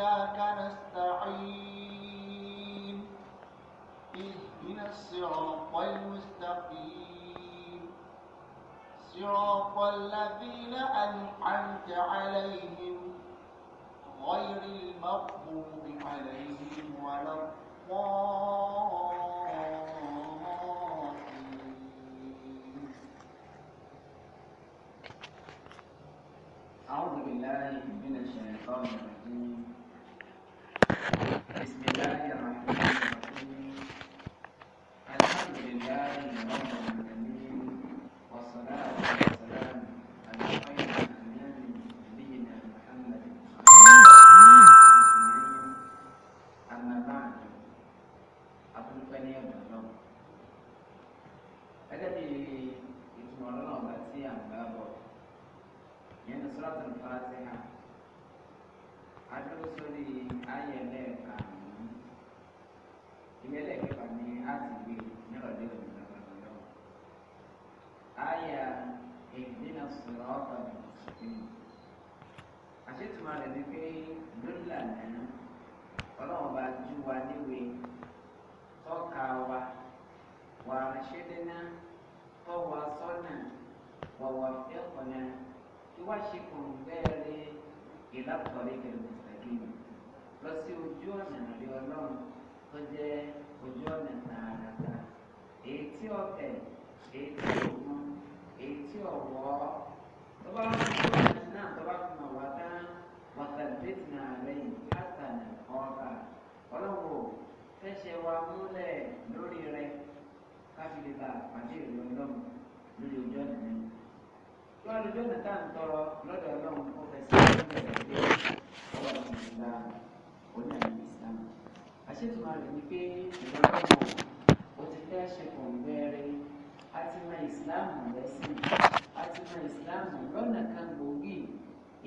إياك نستعين اهدنا الصراط المستقيم صراط الذين أنعمت عليهم غير المغضوب عليهم ولا أعوذ بالله من الشيطان الرجيم Bismillahirrahmanirrahim. Alhamdulillahirabbil alamin. Wassalatu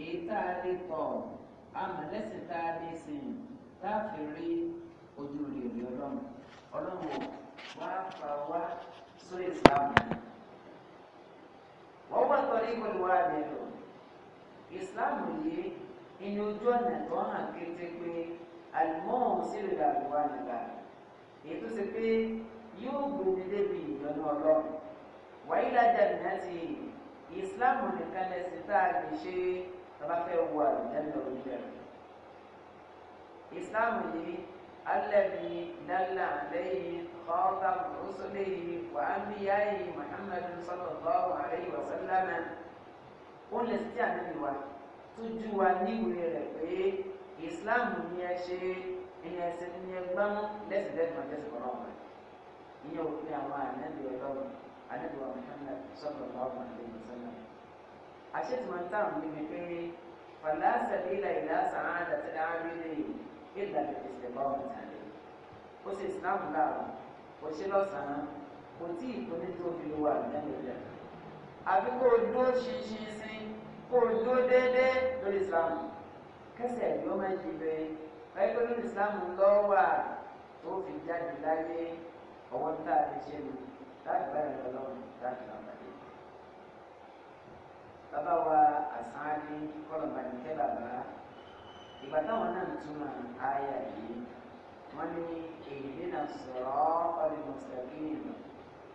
èyí tá a lè tọ̀ amọ̀lẹ́sìn tá a lè sìn tá a fi rí ojú rere ọlọ́run ọlọ́run wá fà wá sórí ìsìlámù wọ́n wá tọ́lé ìkọlù wá rẹ̀ lọ ìsìlámù yìí ìní ojú ọ̀nà tó hàn kété pé àlùmọ́ọ̀hún sí rẹ̀ àlùwá nìgbà èyí tó ṣe pé yóò gbòmí débi ìyọnu ọlọ́run wáyé lájà nìyá ti ìsìlámù nìkan lẹ́sìn tá a lè ṣe é tọ́lá fẹ́ wo àlùjẹ́nà oúnjẹ rẹ̀. ìsìláàmù yìí alẹ́bí dálà lẹ́yìn kọ́ọ̀tà rúṣúlẹ̀ yìí wà á bí yáyì muhammadu sallallahu alayhi wa sallam ó lè sí àdébì wa tó ju wa níwèé rẹ̀ pé ìsìláàmù ni ẹ ṣe ìyẹn ẹsẹ̀ ni ẹ gbámú lẹ́sìn lẹ́nu àjẹsìn kọ́nà ọ̀gbà ìyẹn òfin àwọn ànábì ọlọ́run ànábì wa muhammadu sallallahu alayhi wa àṣetìmọ̀ ń tàn níbi péré fàlásàlẹ̀ ilà ìlà sàádà tí a rí lè ìlà ìpèsè bá wọn tàlẹ̀ ó sì ìsìláàmù láàrú kò ṣe lọ́sàn-án kò tí ì tó ní tó fi lo àgbẹ̀lẹ̀ rẹ̀ àfi kó o dúró ṣinṣin sí kó o dúró déédéé lórí ìsìláàmù kẹsẹ̀ ni ó máa ń ṣe bẹ́ẹ̀ báyìí pé lórí ìsìláàmù lọ́wọ́ tó fi jáde láyé ọwọ́ tá a ti ṣe nù láti báyìí lọ́wọ́ láti lọ́wọ́ bàbá wa àsáni kọlọmọ nìkẹ́ bàbá ìgbà táwọn náà ń túmọ̀ àyà yìí wọ́n ní èyí nínà sọ̀rọ̀ ọdún mùsùlùmí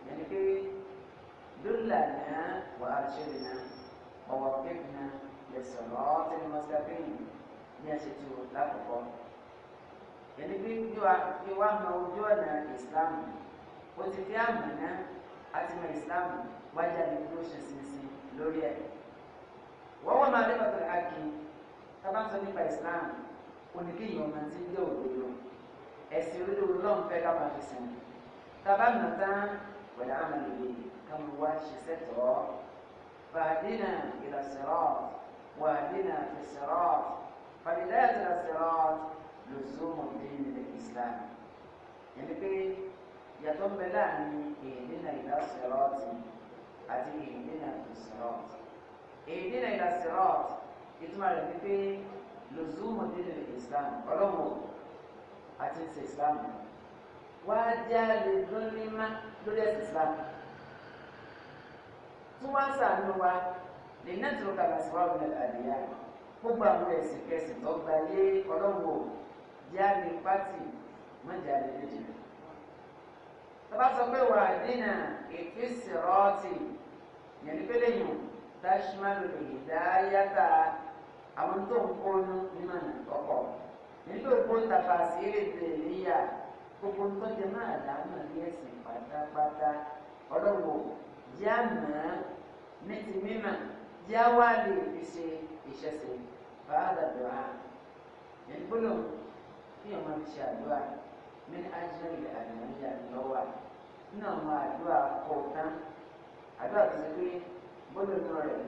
yẹn pé dúlà náà wà á ṣẹlẹ̀ náà ọ̀wọ̀ pẹ́ẹ́pì náà lè sọ̀rọ̀ ọdún mùsùlùmí ní àṣetù lákòókò yẹn pé kí wàá mọ ojú ọ̀nà ìsìlámù ó ti fi àmì náà àti mọ ìsìlámù wájà ní kúrò ṣe ṣinṣin lórí ẹ̀ wọ́n wọ́n máa lé bàtà àkè tábà ń sọ nípa Islam oníkéyìn ọmọ tí ń jẹ́ òdodo ẹ̀sìn olódodo náà fẹ́ ká máa fi sìn tábà nà tán pẹ̀lú àmàlè káwọn wá ṣiṣẹ́ tọ́ fàdínà ìlàsirọ́ wàdínà ìsirọ́ fàdínà ìlàsirọ́ lùsùmù dín ní Islam ẹni pé yàtọ̀ ń bẹ láàrin ìhìnínà ìlàsirọ́ àti ìhìnínà ìsirọ́ èyí nínú ìlà sirat ìtumọ̀ rẹ̀ ni pé lòzúmù nínú islam ọlọ́mọ àti ìsìn islam wá já lè lórí má lórí ẹ̀sìn islam tó wá sàánú wa lè náà tó kàlà síwájú nílẹ̀ àdìyá gbogbo àwọn ẹ̀sìn kẹsìn tó gba lé ọlọ́mọ já lè pátì má já lè lójú tọ́ba sọ pé wà dínà ètò ìsìn tashmalu hidayata àwọn tó ń kónú nínú ìtọ́kọ̀ nílò kó tàfàsí ètò ìníyà gbogbo tó jẹ máa dáná ní ẹ̀sìn pátápátá ọlọ́wọ́ jẹ́ àmọ́ ní ti mímọ̀ jẹ́ wá lè fi ṣe ìṣẹ̀ṣẹ̀ fàádà dùá ìgbónà kí ọmọ fi ṣe àdúrà ní ájẹ́rì àdìmọ́jà lọ́wọ́ nínú àwọn àdúrà kọ̀ọ̀kan àdúrà tó ṣe pé gbọ́dọ̀ rẹ̀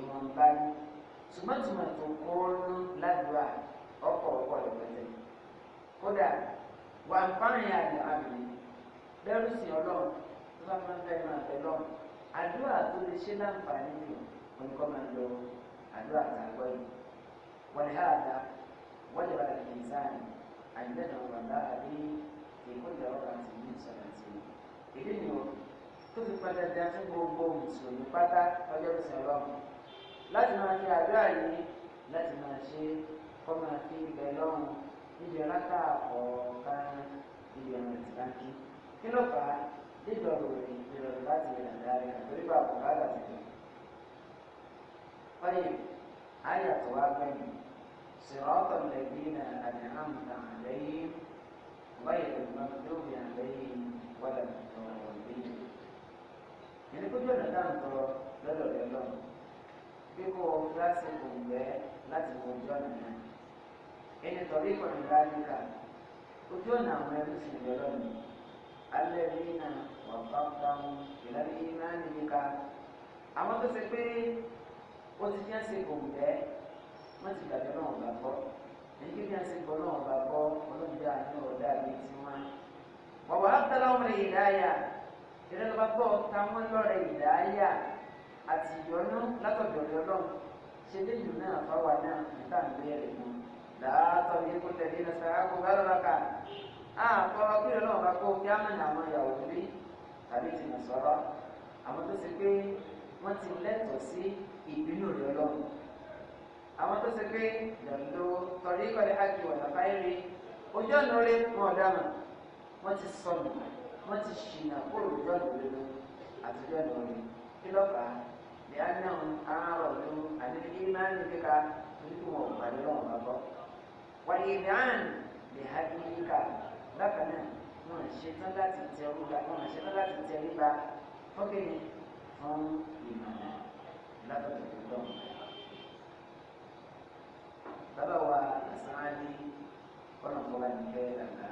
ìwọ̀nba ni ṣùgbọ́n tí mo tó kó ní ládùúgbà ọkọ̀ ọkọ̀ ìgbẹ́lẹ̀ kódà wà ń fárin àjọ àmì bẹ́rù sí ọlọ́run tó bá máa ń fẹ́ máa fẹ́ lọ́run àdúrà tó lè ṣe láǹfààní jù oníkọ́ máa lọ àdúrà tá a gbọ́ yìí wọ́n lè háàdá wọ́n lè bàtà kìí sáàni àyìnbẹ́ náà wà láàárín ìkọ́jà ọ̀rọ̀ àti ìlú ìsọ̀rọ̀ àti ìdí ni tó fi padà dá fún gbogbo mùsùlùmí pátá ọjọ́ ìsìn ọlọ́run láti máa ṣe àdúrà yìí láti máa ṣe kọ́ máa fi ibẹ̀ lọ́run níbi ọlọ́ta ọ̀ọ̀kan níbi ọ̀nà ìtìkánkí kí ló fà á nítorí òwe ìrọ̀lẹ́ láti ìrìn àdáyé àtòrí bàbá bàbá ti dùn. ọyẹ ayàtọ̀ wa gbẹ̀yìn sìrọ́tọ̀ lẹ́gbẹ̀ẹ́nà àdìhàmùtà àlẹ́yìn wáyé ìgbàgbọ́ àlẹ́yìn wọ́dà mi yẹn kójú ọ̀nà tá à ń tọrọ lọ́dọ̀ rẹ lọ́nà pé kó o fúláṣí kò ń gbẹ láti wo ojú ọ̀nà náà ẹni tọ̀rí ìkọ̀nà bá níkà ojú ọ̀nà àwọn ẹrú sì ń lọ́dọ̀ mi alẹ́ bí iná wà pápá mu ìlànà yìí máa ń níka àwọn tó ṣe pé ó ti fi ẹsẹ̀ kò ń gbẹ wọ́n ti gbàgbọ́ náà ọ̀gbà gbọ́ èyí fi ẹsẹ̀ gbọ́ náà ọ̀gbà gbọ́ ọlọ́dún dáa ní ọ̀dà bíi tiwọn wà wà á tẹ́lá ìrẹ́lọ́ba gbọ́ ta wọ́n lọ́rẹ̀ ìdáyà àti ìyọnú látọ̀dọ̀ ọlọ́run ṣe léyìn náà fáwa náà níta ń bẹ̀rẹ̀ mọ́ láàtọ̀ yìí kó tẹ̀lé ní sàrákò bẹ́lọ́lá kà á kọ́rọ́ kí ọlọ́run bá kó kí á mọ̀ ní àwọn ìyàwó rí tàbí ti mọ̀ sọ́rọ́ àwọn tó ṣe pé wọ́n ti lẹ́tọ̀ọ́ sí ìbínú rẹ̀ ọlọ́run àwọn tó ṣe pé ìdàlódówó tọ̀rí ìkọ̀lẹ́ ákì wọ̀nà fáìrí ojú ọ̀nà orí wọn ọ̀daràn wọ́n ti ṣìnà kúrò lójú ọ̀nà òdodo àti ojú ọ̀nà òní kí ló fà á lè á ní àwọn aráàlú ọdún àdébíyí máa ń kíka oníkú wọn ò gbàdé lọ́wọ́ bá bọ́. wàyí ìdáhàn lè ha bí kíka bákan náà wọn ṣe tán láti tẹ orúkọ wọn ṣe tán láti tẹ nípa fọ́kìnrin fún ìmọ̀nà látọ̀tọ̀ tó lọ́wọ́. bàbá wa àṣà á ní kọ́nà kọ́ba nìkẹ́ làgbà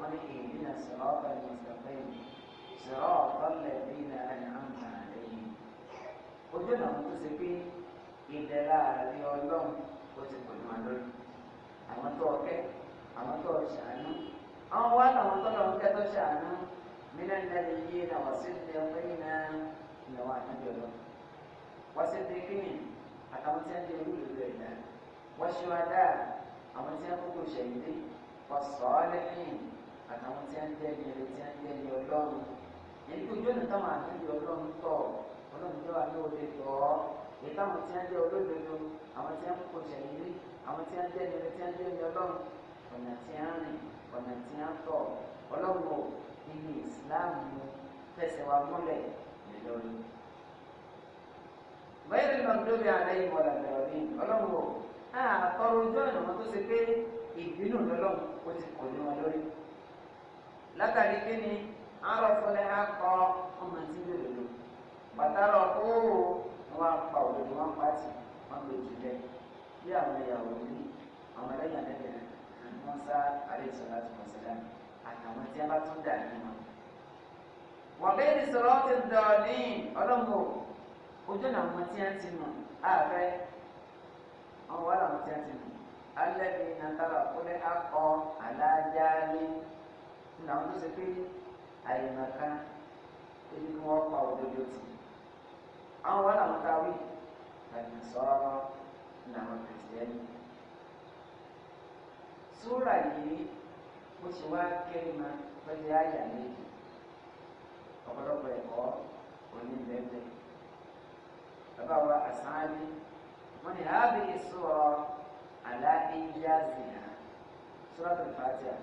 wọ́n ní ìdílé sọ̀rọ̀tà ìmùsọ̀fẹ́yì sọ̀rọ̀tà lẹ́bìnà àìhàmà lẹ́yìn. ojú ọ̀nà tó ṣe pé ìdẹ̀ra àrí ọlọ́run ó ti pọ̀ mọ́ lórí. àwọn tó ọkẹ́ àwọn tó ṣàánú àwọn wá làwọn tó lọ́wọ́ kẹ́ tó ṣàánú mílíọ̀n lẹ́yìn yìí náà wọ́n sì lè pé iná ìnáwó àtúndì ọlọ́run. wọ́n sì lè kíni àtàwọn tí wọ́n ti rú ìlú ẹ̀dá wọ́n ṣe wá dáa àwọn tí wọ́n kókò ṣẹ̀yìn dé wọ́n sọ ọ́ lẹ́yìn àtàwọn tí wọ́n jẹ́ ní ẹni tí wọ́n jẹ́ ní ọlọ́run èyí tó ìjọ́nù táwọn àtúndì ọlọ́run tọ̀ ọlọ́run jẹ́ wà ní òde tọ̀ ọ́ èyí táwọn tí wọ́n jẹ́ olódodo àwọn tí wọ́n kò tẹ̀lé rí àwọn tí wọ́n jẹ́ ní ẹni tí wọ́n jẹ́ ní ọlọ́run ọ̀nà tí wọ́n rìn ọ̀nà tí wọ́n tọ̀ ọlọ́run ò ní ìsìláàmù ni látàrí kí ni àròsọlẹ̀ akọ ọmọ tí ń lò bàtà lọ kóòrò wọn pa òdodo wọn pa tì wọn lò jùlẹ bí àwọn ìyàwó ní àwọn ẹlẹ́yìn àdẹ́gbẹ̀rẹ̀ wọn sá àlẹ́sọ̀lá tó wọn sílẹ̀ àtàwọn tí a bá tún dà ní wọn. wọn bẹ́ẹ̀ ní ti ní ojú náà wọn tí a ti wọn tí a ti nàtàlà akọ nínú àwọn tó ṣe pé àyèmàká ebi kí wọ́n pa òdodo tì àwọn wà láwọn táwí àyè sọ́ọ́rọ́ nínú àwọn kìrìsìtẹ́nì súrà yìí ó ti wá kẹ́rìmà pẹ̀lú àyà méjì ọ̀pọ̀lọpọ̀ ẹ̀kọ́ onílẹ̀ẹ́lẹ̀ bàbá wa àsáálí wọ́n ní hábìlì sọ̀rọ̀ àlá ìyá zìnà tó fàájà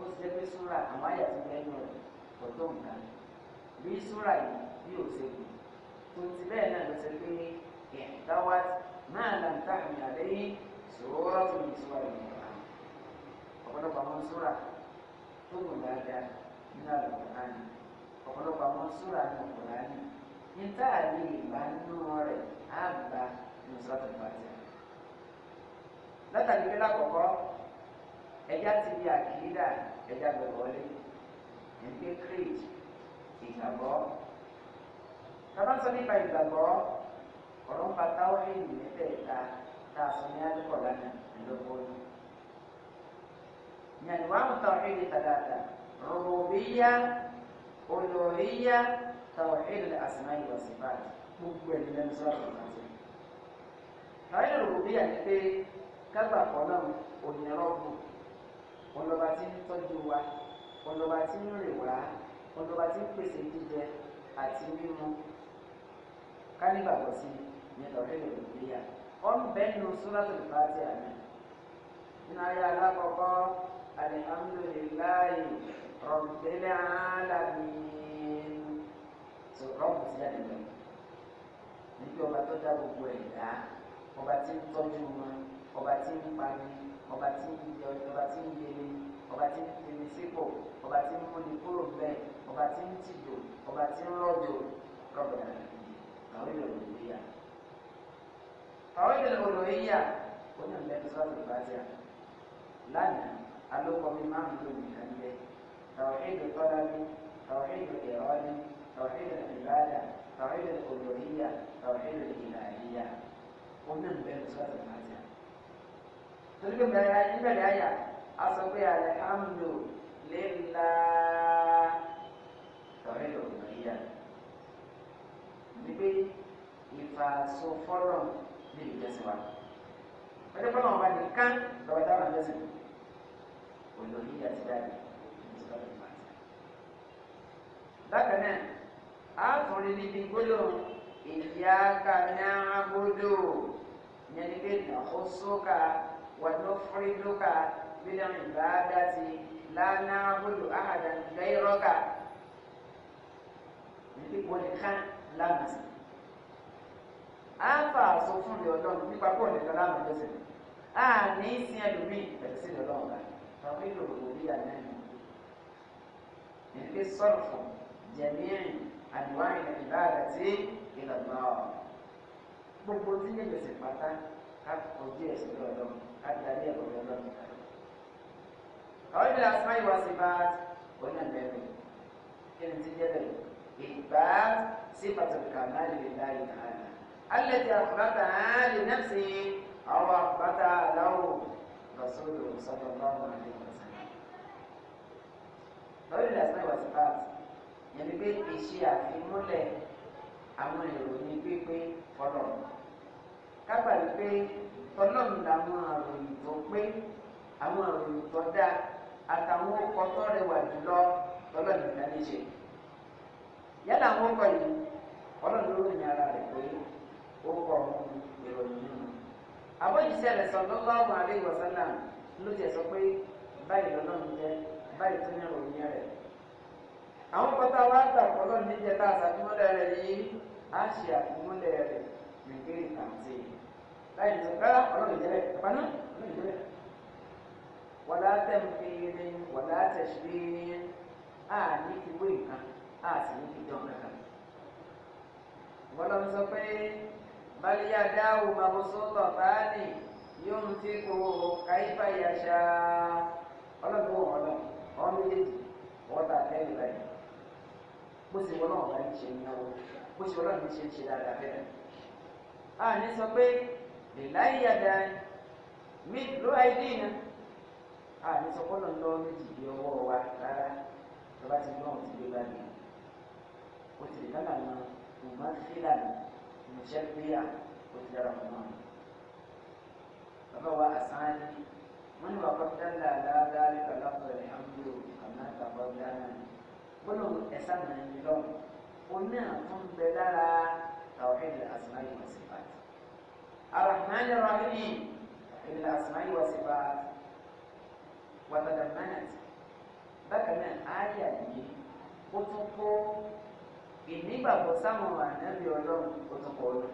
ó ti jẹ́ pé súrà àwọn àyà ti lẹ́yìn rẹ̀ kò tó nǹkan bí súrà yìí bí ò ṣe kù tó ti bẹ́ẹ̀ náà ló ṣe pé ẹ̀dáwá máa là ń tà mí àlẹ́yìn sòróró tó ní súrà yìí wà ọ̀pọ̀lọpọ̀ àwọn súrà tó gùn dáadáa nínú àlùkò náà ni ọ̀pọ̀lọpọ̀ àwọn súrà ní ọ̀pọ̀lá ni ní táà lè nínú rẹ̀ á gbà ní sọ́tò pàtẹ́ látàrí ẹja ti di àkìlídà ẹja gbẹ̀wọ́lé ẹgbẹ́ crete ìgbàgbọ́ tabasọ nípa ìgbàgbọ́ ọ̀rọ̀ ń pa táwọn èèyàn mẹ́tẹ̀ẹ̀ta tá a sọ ní alẹ́kọ̀ọ́ lánàá ńlọ́gbọ́ọ́lù ní àdìwá àwọn tawhid tàdáàtà rububiyya uluhiyya tawhid al-asma'i wa sifat gbogbo ẹ̀ nílẹ̀ ńsọ́ àtúntàtì tawhid rububiyya ni pé kágbà kọ́ náà òyìnbó òun lọ́ba tí ń tọ́jú wa òun lọ́ba tí ń rìn wá òun lọ́ba tí ń pèsè jíjẹ àti mímu kálíbàbọ̀ sí ní ọ̀rẹ́dẹ̀ nàìjíríà wọ́n bẹ́nu suratul Fatiha àná nínú ayé alákọ̀ọ́kọ́ alihamdulilayi rabbil alamin tó rọ́ọ̀bù sí àdìgbò níbi ọba tó dá gbogbo ẹ̀dá ọba tí ń tọ́jú wọn ọba tí ń pa ọba tí ń yẹ ọba tí ń yẹ ni ọba tí ń tẹ̀lé sípò ọba tí ń múni kúrò bẹ́ẹ̀ ọba tí ń tìjò ọba tí ń rọ̀jò rọ̀bìnà àwọn èdè olùwéyà àwọn èdè olùwéyà ó ní ìlẹ́nu sọ́ọ̀tì ìbátíà lánàá alókọ mi máa ń lò nìkan lé tàwọn èdè tọ́lá ní tàwọn èdè ìrọ́ ní tàwọn èdè ìbáàdà tàwọn èdè olùwéyà ó ní ìlẹ́nu sọ́ọ̀tì ìbátíà. torí pé bẹ̀rẹ̀ níbẹ̀rẹ̀ ya. a sọ pé alhamdulillah tọ́rẹ́ lọ́gbọ̀n yíyá ni pé ìfàsọfọ́rọ̀ ní ìjọsìn wa wọ́n fọ́nà ọba nìkan lọ́wọ́ dáhùn ẹ̀sìn olórí àti dáàbì ìṣòro ìfàsọ. bákan náà a tún rí níbi gbólóhùn ìyá kanáà yẹn pé ونفردك بالعبادة لا نعبد أحدا غيرك ipò nìkan lánàá sí àáfà sọ fún ilé ọlọ́run nípa pọ̀ nìkan lánàá tó sì á ní sin ẹlòmíì pẹ̀lú sí ilé ọlọ́run rẹ̀ tàbí ìlò òbí àdáyé ìpè sọ̀rọ̀ fún jẹ̀míìrì àdìwá ìrìn ìbára tí ìlànà gbogbo tí lè gbèsè pátá ká àtàlẹ́ ẹ̀kọ́ rẹ̀ lọ́nà. ọ̀rẹ́dẹ̀ asọ́ ìwà sí bá wọnà mẹ́rin kí ni ti jẹ́ bẹ̀rẹ̀ ìgbà sí pàtàkì àmàlì lè láyé náà. alẹ́ ti àkùbátà lè nẹ́ẹ̀sì àwọn àkùbátà aláwọ̀ rasúlù sọ́dọ̀ lọ́wọ́ àdéhùnsá. ọ̀rẹ́dẹ̀ asọ́ ìwà sí bá yẹn ni pé ìṣe àfimúlẹ̀ àwọn ìròyìn pípé fọlọ́run. kápá rí pé tọ́lọ́mù làwọn àròyìn pé àwọn àròyìn tó àtàwọn ọkọ̀ tó rẹwà jùlọ tọ́lọ́mù ìdáni ṣe yálà àwọn ọkọ̀ yìí ọlọ́run ló ara rẹ̀ pé ó kọ ìròyìn nínú. àbọ̀ ìṣẹ̀lẹ̀ sallallahu alaihi wasallam ló tiẹ̀ sọ pé báyìí lọ́lọ́run jẹ́ báyìí tó ní ìròyìn rẹ̀. àwọn kọ́tà wa gbà níjẹ́ tá a ṣàfihàn yìí á ṣe àfihàn mẹgbẹ́ ìtàǹtì láì ní rárá ọlọ́run ìjẹ́lẹ̀ ìpáná ọlọ́run ìjẹ́lẹ̀ wọlá tẹ̀mfìrì wọlá tẹ̀sírí a ní ìwé nǹkan a sì ní ìjọ nǹkan. ìwọlọ́run sọ pé baliya dáhùn màmúsọ́tọ̀ báàlì yóò ń tí kò káyífà yàṣà ọlọ́run wọ̀ ọlọ́run ọ̀hún méjèèjì wọ́n ta tẹ́lẹ̀ báyìí bó ṣe wọ́n náà wọ́n bá ń ṣe ìyàwó bó ṣe wọ́n a ní sọ pé lèláyé yàda mi ló àìdí iná a ní sọ pé lọ́nà lọ́wọ́ méjì bí ọwọ́ wa rárá tó bá ti gbọ́ ohun ti gbé bá mi o ti lè dá lànà ìmọ̀ fílànà ìmọ̀ṣẹ́ gbéyà o ti dára fún wọn. bàbá wa àsán ni wọ́n ní wàá kọ́kọ́ dá láàdá lẹ́kọ̀ọ́ lọ́kọ̀ọ́ rẹ̀ hàmúlò àmì àtàkọ́ dáná gbọ́dọ̀ ẹ̀sán náà ń lọ òun náà lára. توحيد الاسماء والصفات الرحمن الرحيم توحيد الاسماء والصفات وتضمنت بكنا آية دي وتقول إني بابو سامو أنا بيولو وتقول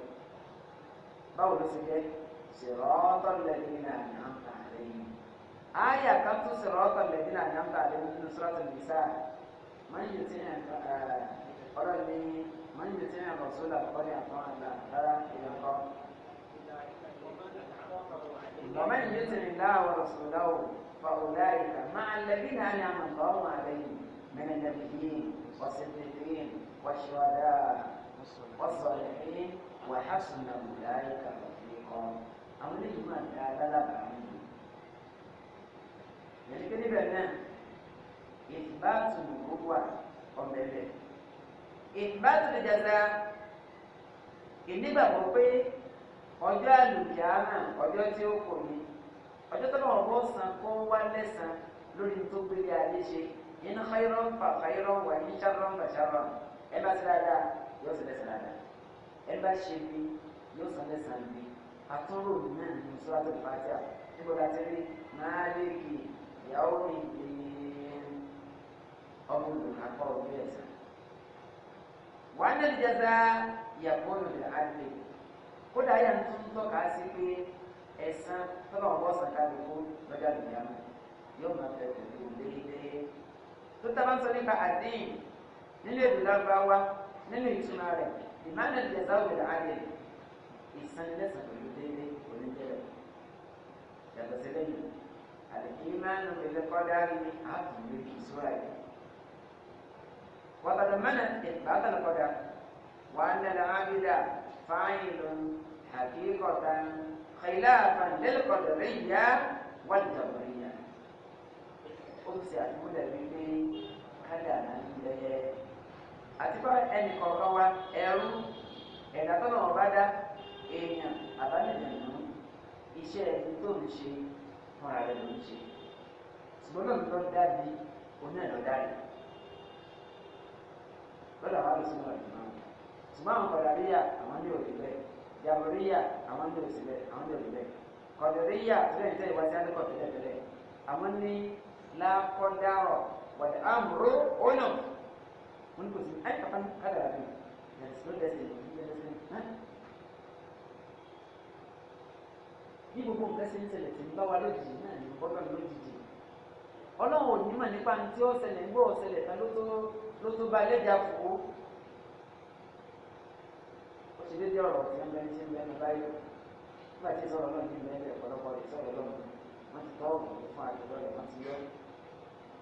بابو سيدي صراط الذين أنعمت عليهم آية كم صراط الذين أنعمت عليهم من النساء من يتنع قرأ لي من يطيع الرسول فقد يطاع الله ومن يطع الله ورسوله فاولئك مع الذين انعم الله عليهم من النبيين والصديقين والشهداء والصالحين وحسن اولئك رفيقا امرهم ان تعالى يعني كده بقى اثبات النبوه قبل ìbádùn ìjàzá ìnígbàgbọ́ pé ọjọ́ àlùkìá hàn ọjọ́ tí ó kò ní ọjọ́ tó lọ́wọ́ bó san kó wá lẹ́sàn lórí tó gbélé ayé ṣe inú xayírọ́ ń fa xayírọ́ wà ní ṣàrọ́ ń fa ṣàrọ́ ẹ bá ṣe dáadáa yóò ṣe lẹ́sàn dáadáa ẹ bá ṣe bí yóò san lẹ́sàn bí àtúrò náà ní sọ́dọ̀ fàájà nígbà tá ti rí máa lè kì ìyàwó mi ọmọ olùkọ́ akọ́ ọdún ẹ̀sán wàá nà ìjẹta ìyàpọ̀ lòlẹ̀ àgbẹ̀ kódà yà ń tún tọ́ka sí pé ẹ̀sán tọ́lọ̀ ọ̀bọ̀ sàkà lè kó lọ́jà lòyà mọ̀ yóò máa fẹ́ pẹ̀lú léèlé tó tábà ń sọ nípa àdéhìn nínú èdè lágbáwá nínú ìtumọ̀ rẹ̀ ìmánà ìjẹta òlẹ̀ àgbẹ̀ ìsanilẹ́sàn pẹ̀lú léèlé oníjẹrẹ yàtọ̀ sí lẹ́yìn àlèkí mánà ìlẹ́kọ́dárì àtúndé ìṣúra yìí. وتضمنت إثبات القدر وأن العابد فاعل حقيقة خلافا للقدرية والجبرية أمسي أقول لي kálẹ̀ àná ìlẹ́yẹ àti bá ẹnì kọ̀ọ̀kan wa ẹrú ẹ̀dá tó náà bá dá èèyàn àbálẹ̀dẹ̀nù iṣẹ́ ẹni tó ń ṣe fúnra rẹ̀ ló ń ṣe ṣùgbọ́n náà ló dábì oní ẹ̀rọ dárí lọ́dọ̀ àwọn àlùsùn náà ìmọ̀ ṣùgbọ́n àwọn kọ̀dàríyà àwọn ní òbí bẹ́ẹ̀ yàmùríyà àwọn ní òsì bẹ́ẹ̀ àwọn ní òbí bẹ́ẹ̀ kọ̀dàríyà tẹ́lẹ̀ tẹ́lẹ̀ wá sí àdékọ̀ tẹ́lẹ̀ tẹ́lẹ̀ àwọn ní lákọ́dárọ̀ wọ̀dẹ̀ àmúró ọ̀nà wọn kò sí ẹ̀ kàfán kádàrà bí bí gbogbo nǹkan ṣe ń ṣẹlẹ̀ tí ń bá wa lójijì náà ní gbọ́dọ̀ lójijì ọlọ́run ò ní mọ̀ nípa ní tí ó ṣẹlẹ̀ ń gbọ́ ọ̀ṣẹlẹ̀ tán ló tó bá ẹlẹ́jà fò ó ó ti dédé ọ̀rọ̀ tí wọ́n bẹ ní ṣe ń bẹnu báyìí nígbà tí sọ̀rọ̀ náà ní ìlú ẹ̀rẹ̀ ọ̀pọ̀lọpọ̀ rẹ̀ sọ̀rọ̀ lọ́nà wọ́n ti tọ́ ọ̀gùn fún àjọyọ̀ rẹ̀ wọ́n ti yọ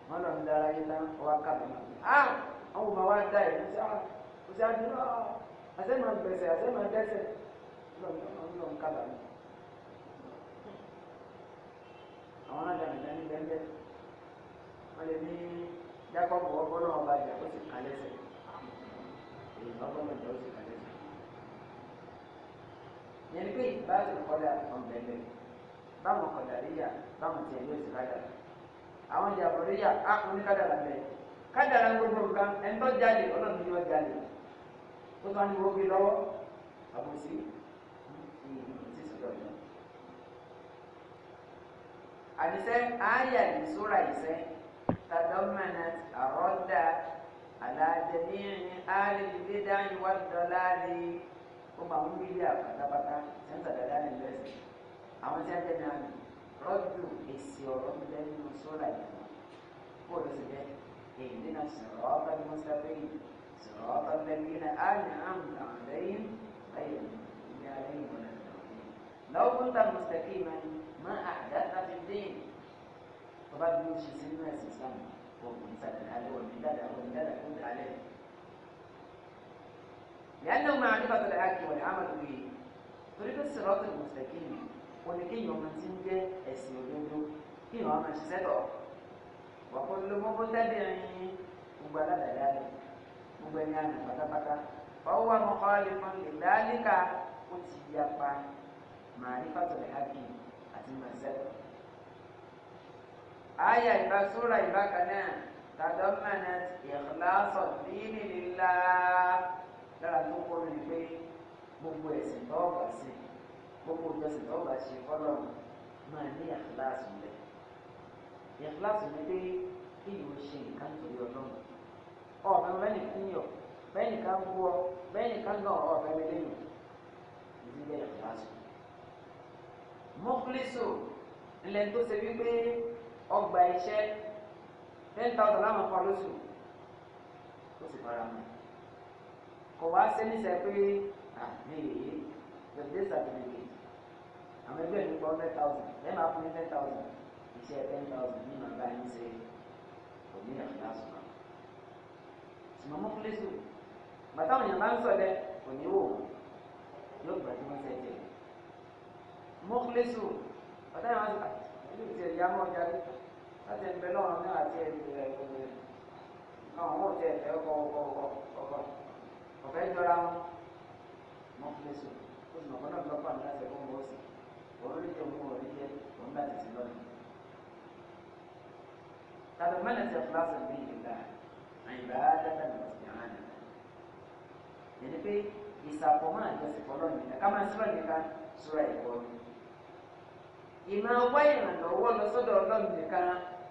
wọ́n lọ ń da ara yín tán ọwọ́ kábọ̀ náà àwọn ọmọ wa dá ẹ̀ kò sí àdúrà àṣẹ́mọ̀ gbẹ̀sẹ̀ àṣẹ́mọ̀ dẹ́sẹ̀ lọ́nà kábọ̀ náà àwọn alẹ́ àmì wọ́n lè ní jákọ́bù ọgbọ́n náà bá jà ó sì kà lẹ́sẹ̀ èyí ọgbọ́n náà jà ó sì kà lẹ́sẹ̀. yẹn pé ìbáàlù kọ́dà ọ̀gbẹ̀lẹ̀ báwọn kọ̀dà ríyà báwọn tiẹ̀ ní oṣù kádà àwọn ìyàbọ̀ ríyà á kún ní kádà làbẹ̀ kádà la gbogbo nǹkan ẹni tó jáde ọlọ́run ni wọ́n jáde ó tún á ní wọ́n gbé lọ́wọ́ àbòsí ìdí sọ̀rọ̀ àdìsẹ́ àáyà ìṣúra ìṣẹ́ تضمنت الرد على جميع آل البدع والضلال كما هم بيليا فتبقى سنسى دادان الناس أما سنسى دادان رد إسيو رد دادان مصورة جمع قول سبيه إهدنا صراط المستقيم صراط الذين أنعمت عليهم غير المغضوب عليهم ولا لو كنت مستقيما ما أحدث في الدين bá bí ó ṣe sínú ẹ̀sìn sáàmù ọ̀gbìn ìsàlẹ̀ alẹ́ wọ̀n nígbàdà wọ̀n nígbàdà kó dàálẹ̀. lẹ́nu máa ní bàtà láàkì wọ̀n àmàlù yìí torí pé sọ̀rọ̀tì mùsùlùmí òní kéèyàn ọmọ tí ń jẹ́ ẹ̀sìn òdodo kéèyàn ọmọ ṣiṣẹ́ tọ̀ wọ́pọ̀ lọ́mọ́bó dábìrin gbogbo aládàá gbogbo ẹni àná pátápátá ọwọ́ mọ́kànlá fún ìdálíkà ó ti yapa màá ní pàtó lẹ́hàkì àti màá sẹ́tọ̀ àyà ìbá súra ìbákan náà tàdọ́mọ̀nà ìkìláṣọ̀ dínì lílá lára tó kọ́ lórí pé gbogbo ẹ̀sìn tó bá ṣe gbogbo ìjọsìn tó bá ṣe fọ́lọ́ máa ní ìkìláṣọ̀ lẹ̀ ìkìláṣọ̀ ni pé kí ìwọ ṣe nǹkan torí ọlọ́run ọ̀bẹ mẹ́rin kíyàn bẹ́ẹ̀ nìkan bú ọ bẹ́ẹ̀ nìkan gan ọ̀bẹ mi lẹ́nu ìdílé ìkìláṣọ̀ mọ́kúlẹ́sọ̀ ilẹ̀ tó ṣe wípé ọgbà iṣẹ́ ten thousand láwọn kan lóṣù ó sì fara mọ́ kò wá sí níṣẹ́ pé àmì èyí gbèdé sàtìlẹ́yìn àwọn ẹgbẹ́ mi gbọ́ ten thousand ẹ máa fún mi ten thousand iṣẹ́ ten thousand ní màá bá yín ṣe òní àfúlá sùnà sùnà mọ́kúlé sùn bàtà òyìnbá ń sọ̀lẹ̀ òní wò yóò gbàdúrà sẹ́jẹ̀ mọ́kúlé sùn bàtà òyìnbá ń sọ̀lẹ̀ ilé ìtì ẹ̀yà mọ́ yarí láti ẹ̀ńbẹ́ náà ní àti ẹ̀yìn ẹ̀yìn àwọn ọ̀tí ẹ̀fẹ́ ọkọ̀ ọkọ̀ ọkọ̀ ọ̀fẹ́ jọra wọn wọn fi lẹ́sọ̀ ó sì mọ̀ náà lọ́pàá ní láti ẹ̀kọ́ wọn sí òun ló jẹ́ òun òun jẹ́ òun láti ti lọ́nà. tàbí mẹ́lẹ̀ tẹ fúláṣà ní ìlà àyìnbá dáadáa ní ọ̀sìn àná. ẹni pé ìsàpọ̀ máa jẹ́ sí ìmọ̀ wá ìrànlọ́wọ́ lọ sọ́dọ̀ ọlọ́run nìkan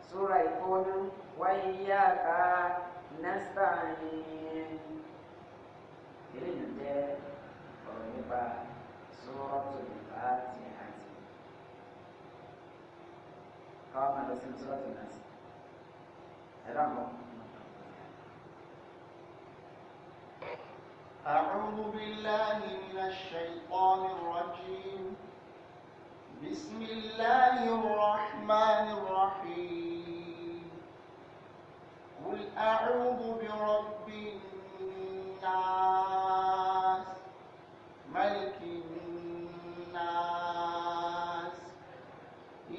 sóra ìfọ́nú wáyé yá ká násìtàáyìn. eléyìí jẹ́ ọ̀rọ̀ nípa sọ́ọ̀tù láti àti. káwọn máa lọ sí sọ́ọ̀tù náà sí. ẹ̀rọ àwọn. أعوذ بالله من الشيطان الرجيم بسم الله الرحمن الرحيم قل أعوذ برب الناس ملك الناس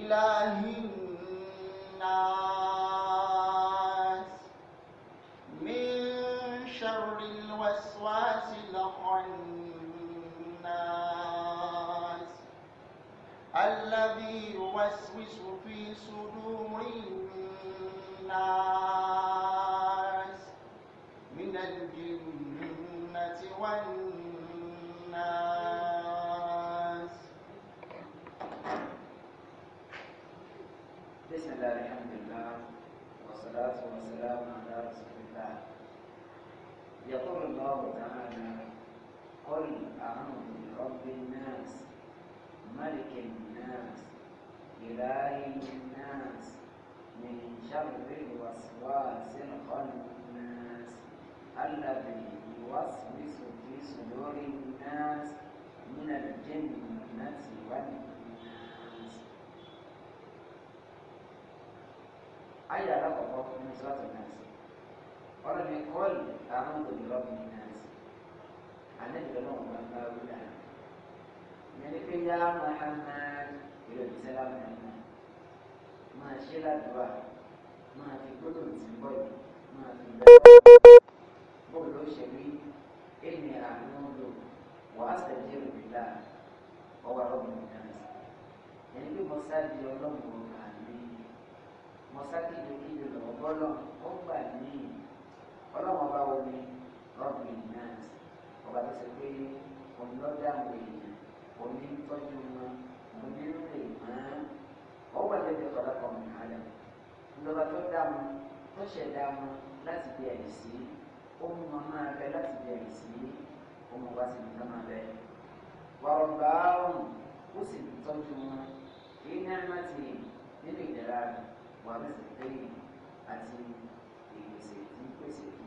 إله الناس الذي يوسوس في صدور الناس من الجنة والناس بسم الله الحمد لله والصلاة والسلام على رسول الله يقول الله تعالى قل أعوذ برب الناس ملك إله الناس من شر الوسواس الخناس الذي يوسوس في صدور الناس من الجنة والناس أي علاقة من صوت الناس قال يقول أعوذ برب الناس عن الجنوب والمولى ملك يا محمد ìrẹ̀ òjíṣẹ́ lánàá yìí máa ṣe ládùúgbà máa fi gbọ́dọ̀ tì bọ́ yìí máa fi bẹ́ẹ̀ bọ́ọ̀lù ló ṣe rí èmi àwọn olò wàá sẹ̀jẹ̀ òbílà ọwọ́ ọlọ́run nìkan ẹni pé mo sáré ọlọ́run ọ̀gá mi mo sáré kíjokíjo lọ́wọ́ bọ́lọ̀ ó gbà mí ọlọ́run ọba wo ni náà ọba tó ṣe pé òun lọ́dà àwọn èèyàn òun ní tọ́jú wọn mùdírùlì máa ọwọ́ ẹ̀lẹ́dì ọ̀pọ̀lọpọ̀ mìíràn ìjọba tó dá mu tó ṣẹ̀dá mu láti bí ẹ̀rì sí ohun mọ̀ máa bẹ láti bí ẹ̀rì sí ohun wá sí nǹkan máa bẹ. wàrọ̀ bá ọ̀hún ó sì tọ́jú wọn èyí náà má ti nínú ìdára wà lóṣù tẹ́lẹ̀ àti ìpèsè tí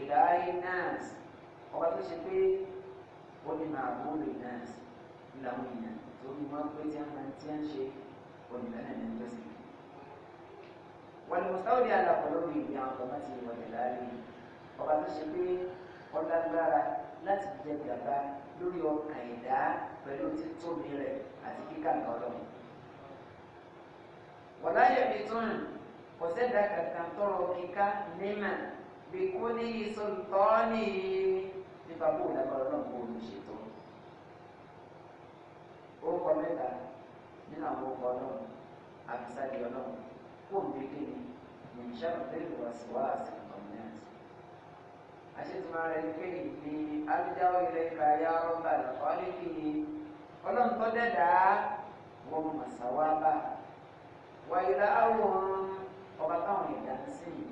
ìdáyé nọ́ọ̀sì ọba tó ṣe pé ó ní máa bó lè nọ́ọ̀sì làwọn èèyàn tó ní wọ́n pé tí wọ́n ti ń ṣe olùdarí ní ẹjọ́ sí. wọ́n ní mùsáwùdí alákọ̀ọ́lọ́bì ìyá ọ̀tọ̀ bá ti wọlé láàrin ọba tó ṣe pé ọlágbára láti jẹ gàba lórí ọkàn ìdá pẹ̀lú títóbi rẹ̀ àti kíkàǹkà ọlọ́run. wọ́n tún kò sẹ́dá kankan tọrọ kíká nímà Bikuni sọ̀tọ́ọ̀nì nípa bó lágbára náà kó olùṣètò orúkọ mẹ́ta nínú àwọn orúkọ náà àfisáde ọlọ́run kó ń bí kíni nìṣẹ́rù bẹ́ẹ̀ wá sí wá sí ọ̀mìnàt àṣetìmọ̀ rẹ̀ pé ìdí alúdáwọ̀ ilẹ̀ ìka ayá ọba lọ́kọ́lé kí ọlọ́run tó dẹ́dàá wọ́n mọ̀ sáwá bá wàyí láàrùn ọba táwọn ìdá yìí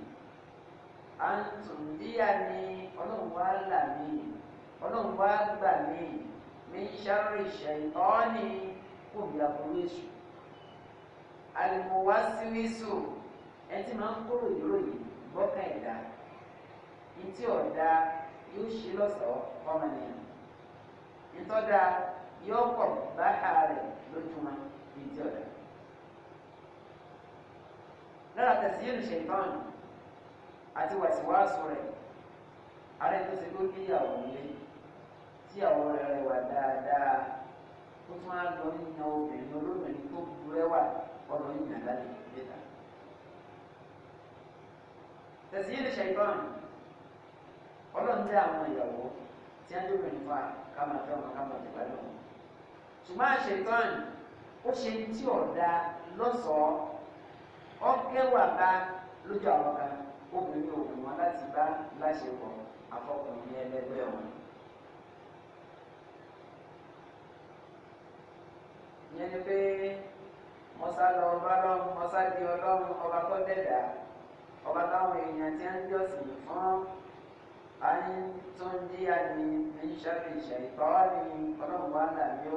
àǹtùmíyà ni ọlọ́run wá là mí ọlọ́run wá gbà mí mi ṣàròyìn ṣẹ̀yìn ọ́ọ́nì kò bí aburú èṣù alùpùpùwàsíwìsù ẹ ti máa ń kúrò ìròyìn bọ́kà ìdá ìtí ọ̀dà yóò ṣe lọ́sọ̀ọ́ ọmọnìyàn ìtọ́dà yóò pọ̀ báhà rẹ̀ lójúmọ́ ìtí ọ̀dà. lọ́la tẹ̀sí yóò ṣe ìtọ́nù àti wàsíwàsù rẹ̀ ara tó ṣe ló bí ìyàwó ilé tí ìyàwó rẹ̀ rẹwà dáadáa tó tún á lọ nínú obìnrin olóbìnrin tó burẹ́wà ọ̀rọ̀ ìyàn láti ìdílé ta. tẹ̀sí yìí ṣe ìbọn ọlọ́run tẹ àwọn ìyàwó tí wọ́n lóbìnrin fa káma fẹ́ wọn káma jẹ̀bá lọ́wọ́. ṣùgbọ́n àṣẹ ìbọn ó ṣe tí ọ̀dà lọ́sọ̀ọ́ ọ̀kẹ́wà bá lójú àwọn kan. obìnrin ò wọ́n láti bá láṣepọ̀ afọkùnrin ẹlẹgbẹ́ wọn. yẹn ni pé mọ́sá lọ ọba lọ́run mọ́sá di ọlọ́run ọba tó dẹ̀dá ọba táwọn èèyàn ti ń fún ayé tó ń jí àní ìṣàfihàn ìṣàìpáwá ni ọlọ́run o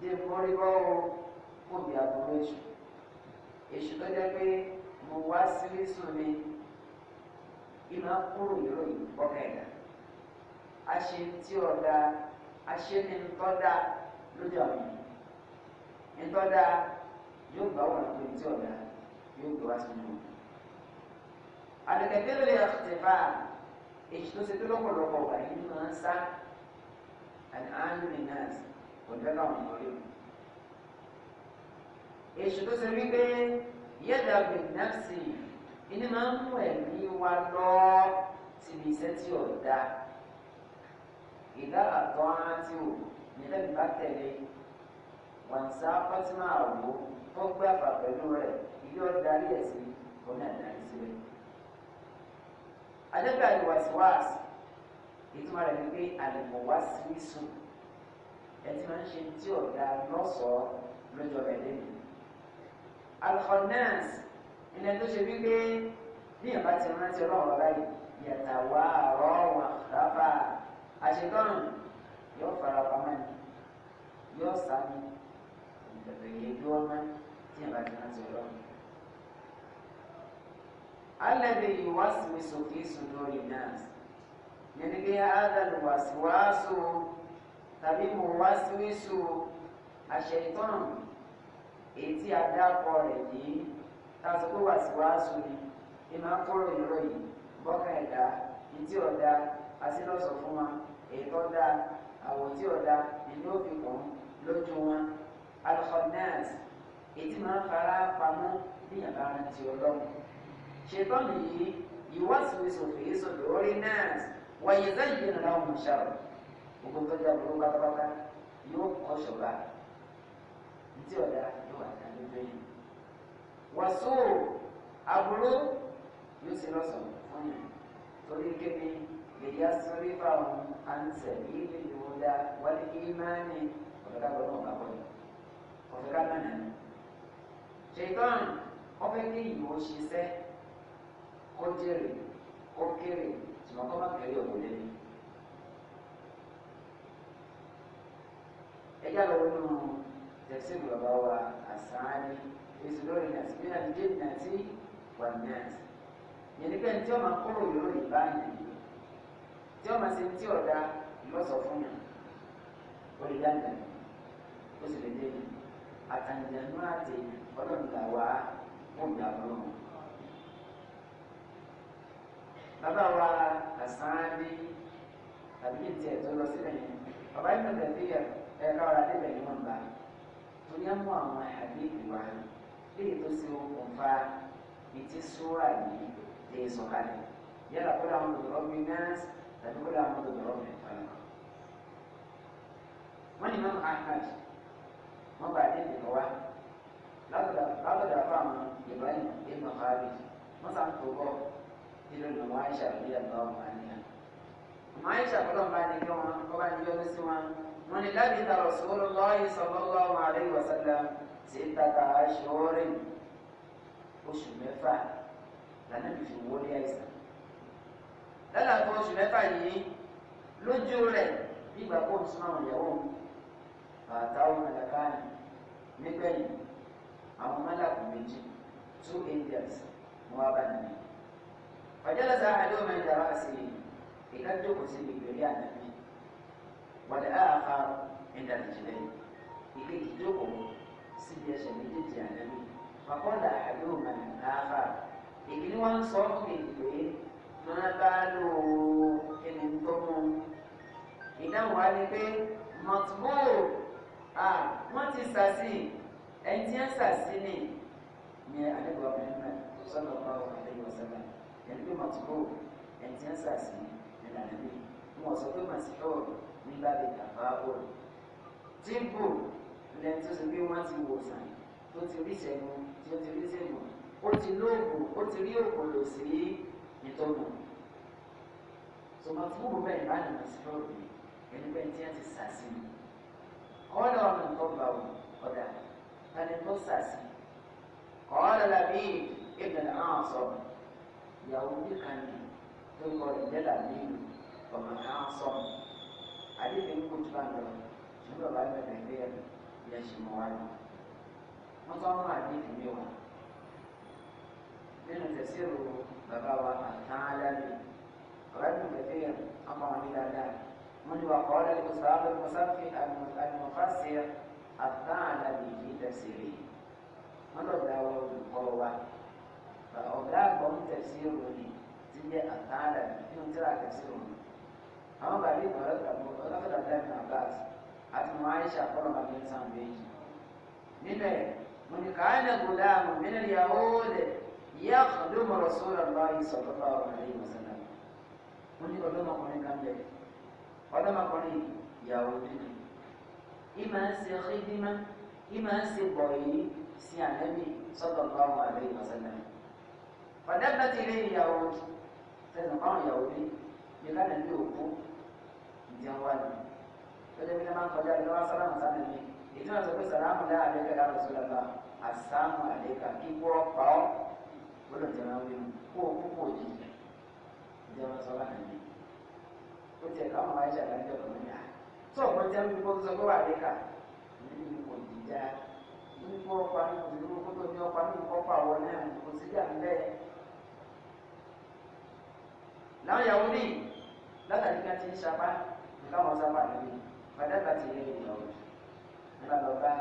dé bọ́ mo wá sílé sùn ni ìmọ̀ kúrò níròyìn bọ́kà ẹ̀dá aṣe tí ọ̀dà aṣe ní ntọ́dà lójú àwọn yìí ntọ́dà yóò gbà wọ́n pé tí ọ̀dà yóò gbà wá sínú wọn. àdìgẹ́gẹ́ lè èyí tó ṣe tó lọ́pọ̀lọpọ̀ wà yìí máa sá àti áńdùnì náà ọ̀dọ́ náà wọ̀nyí. èyí tó ṣe wípé yẹ́dà gbẹ̀nàfsì ìní máa ń mú ẹ̀mí wa lọ síbi iṣẹ́ tí ò da ìdá àtọ́ ara tí ò nílẹ̀ nígbà tẹ̀lé wàǹsá fátímà àwò tó gbé àfà pẹ̀lú rẹ̀ ilé ọ̀darí ẹ̀ sí oní àdáyé sílẹ̀. adébẹ̀ àdìwàsíwàsí ìtumọ̀ rẹ̀ ni pé àlùmọ̀ wá sí sùn ẹ̀ tí máa ń ṣe tí ò da lọ́sọ̀ọ́ lójọ́ rẹ̀ alkhonas ilẹ̀ tó ṣe wípé bí ìyàbá ti rántí ọlọ́run báyìí yàtà wá àrọ́ wà rábà àṣetọ́nù yóò fara pamọ́ ni yóò sá ni ìgbàgbọ́ yẹ kí wọ́n má tí ìyàbá ti rántí ọlọ́run. alẹ́dẹ̀ yìí wá sí mi sókè sódòrì náà yẹn ní ádàlù wá sí wàásù tàbí mo wá sí wíṣù àṣetọ́nù èyí tí a dákọ rẹ̀ yìí tásìkò wàsíwàásù ni ìmọ̀ kúrò ìró yìí bọ́kà ẹ̀dá ìtí ọ̀dà asílọ́sọ̀ fún wa èyí tó dá àwọ̀ tí ọ̀dà nínú òfin kan lójú wọn alkhonnas èyí tí máa ń fara pamọ́ ní àbára ti ọlọ́run ṣetán nìyí ìwọ́sùwìsù fèésù lórí náà wáyé zẹ́yìn náà ń ṣàrò gbogbo tó dá burú pátápátá yóò kọ́ ṣọ̀gbà tí ọ̀dà yóò wà ní àdúgbò yìí. wàsó aburú yóò sì lọ́sàn fún mi torí kébi lèyà sórí fáwọn àǹtẹ̀ yìí lè lò ó dá wálé kí máa ní ọ̀dọ́dá gbọ́dọ̀ ọ̀gá bọ̀ yìí ọ̀dọ́dá mọ̀nà ni. ṣètọ́n ọ̀fẹ́ kí ìwọ ṣiṣẹ́ kó jèrè kó kéré ṣùgbọ́n kó má kéré òkú lẹ́nu. ẹ̀yà lọ́wọ́ nínú tafsir bàbá wa àsáni ìsìlórinàtì bí àdìjẹ́nàtì wàmíàtì yẹn nípa tí ọmọ kúrò lórí ìbáyìí tí ọmọ ṣe ti ọ̀dà lọ́sọ̀ fún mi olùdáná ó sì lè dé mi àtàǹdàánú àti ọlọ́ọ̀dà wa ó gbà lọ́wọ́. bàbá wa àsáni tàbí ìtì ẹ̀tọ́ lọ sílẹ̀ yẹn bàbá yìí ló dẹ̀ bí ẹ̀ka ọ̀rọ̀ adébẹ̀ ni wọ́n ń bá yìí mo ní àpò àwọn àdéhùn wa léyìí tó ṣe okùnfà ìtí sóra yìí lè sọ̀kalẹ̀ yálà kó làwọn olùdọ̀rọ̀ mi náà tàbí kó làwọn olùdọ̀rọ̀ mi fara. wọ́n ní mọ́mú ahmed wọ́n bá àdéhùn kọ́ wa látọ̀dà fáwọn ìbáyìí ìmọ̀ fáwọn wọ́n sàn tó bọ̀ nínú ìlú aisha ìlú yàtọ̀ ọmọ àníyàn. ọmọ aisha kọ́lọ́ bá ní kí wọ́n kọ́ bá ní yọ́nu sí wọn wọ́n ní lábí ta rasulullahi sallallahu alaihi wasallam sí tata aṣọ́rẹ́ oṣù mẹ́fà lànà fífi wọlé àìsàn lálàfo oṣù mẹ́fà yìí lójú rẹ̀ nígbà kó o sún àwọn ìyàwó mi bàtà ọmọ ẹ̀ka ni nígbẹ̀yìn àwọn mọ́làkù méjì two angels mú wá bá nìyí. ọjọ́ lọ́sàn-án àdéhùn mẹ́ta wá sí i ìdájọ́ kò sí ìgbèrè ànábì والآخر عند رجلين إليه يقوم سبيا شميدة جانبي فقال أحدهما الآخر إليه وان صوت máa bá lò ó ẹni tó mú un. ìdáhùn wa ni pé mọ̀tìmọ́ wọ́n ti sàṣì ẹni tí ń sàṣì ni ní àdébọ̀ ọ̀bẹ̀rẹ̀ sọ́nà ọ̀pá ọ̀bẹ̀rẹ̀ ọ̀sẹ̀lá ẹni pé mọ̀tìmọ́ ẹni tí ń sàṣì ni ní nígbà bíi tàfáàbò tíbù lẹni tó ṣe pé wọ́n ti wòsàn tó ti rí ìṣẹ́gun tí ó ti rí ìṣẹ́gun ó ti lóògùn ó ti rí òògùn lò sí ìtọ́nù sọmọtí wúwo bẹ́ẹ̀ bá nà sí lọ́ọ̀bì ẹni bẹ́ẹ̀ tí wọ́n ti sàṣì ní kọ́ọ̀lù ọ̀nà tó bá wù ọ̀dà tani tó sàṣì kọ́ọ̀lù làbí ìbẹ̀rẹ̀ náà sọ̀rọ̀ ìyàwó nìkan ni tó kọ́ ìjẹ́ làbí ọ̀mọ̀ náà sọ̀rọ̀ hadithi ní kojú bá ń lọ ṣùgbọ́n ọ̀gá ìgbà nàìjíríà ilẹ̀ ṣì mọ́ wáyé wọ́n tọ́ mọ́ hadithi mi wá nínú tẹ̀síìrù bàbá wa àtàlámi ọ̀gá ìgbà nàìjíríà ọmọ wọn ní dáadáa wọ́n ní wà kọ́ ọ́ lẹ́nu sọ́ọ́ mọ́sáfì àlùmọ́fàṣì àtàlámi yìí tẹ̀síìrì wọ́n lọ gba olùkọ́ wa ọ̀gá àgbọ̀n ni àwọn bàbí ọlọ́pàá dáadáa abbas àti mọ aisha kọ́nà bàbí ń sàn méjì nínú ẹ̀ mo ní ká ẹ̀ gùdá àmọ́ mi ní ìyàwó lẹ̀ yẹ ọdún mọ̀rọ̀ sọ́rọ̀ lọ́wọ́ ìsọ̀tọ́ bá ọ̀rọ̀ ayé ìwòsàn mo ní ọdọ́mọkùnrin kan bẹ̀ ọdọ́mọkùnrin ìyàwó dúdú ìmọ̀ ń ṣe xidimá ìmọ̀ ń ṣe bọ̀yì sí ànábì sọ́tọ̀ bá ọ̀rọ̀ ayé ìwòsàn fàdábàtì ilé ìyàwó sẹ́nu kọ́ ìyàwó dé ní ká jẹun wá ní lọ́jọ́ bí lọ́mọ kọjá bí lọ́wọ́ sálámù sálámù ní ètò àti pé sàlámù lá àlékà yà Rasulullah àsámù àlékà kíkọ́ pa ọ́ gbọ́dọ̀ jẹun wí mu kó o kúkú òjì jẹun sọ́lá nàní ó tiẹ̀ káwọn wáyé ṣàlàyé ọ̀dọ́ mi náà tó ọ̀pọ̀ jẹun bí kó sọ pé wà àlékà nínú òjì já nípa ọ̀pá nínú ìlú kótó ní ọ̀pá nínú ọ̀pá àwọn náà kò sí jà ńlẹ̀ láwọn yàwó ní látàrí ká ti ń sapá káwọn sábà lórí fàdákà ti yẹ ìyàwó nígbà lọ bá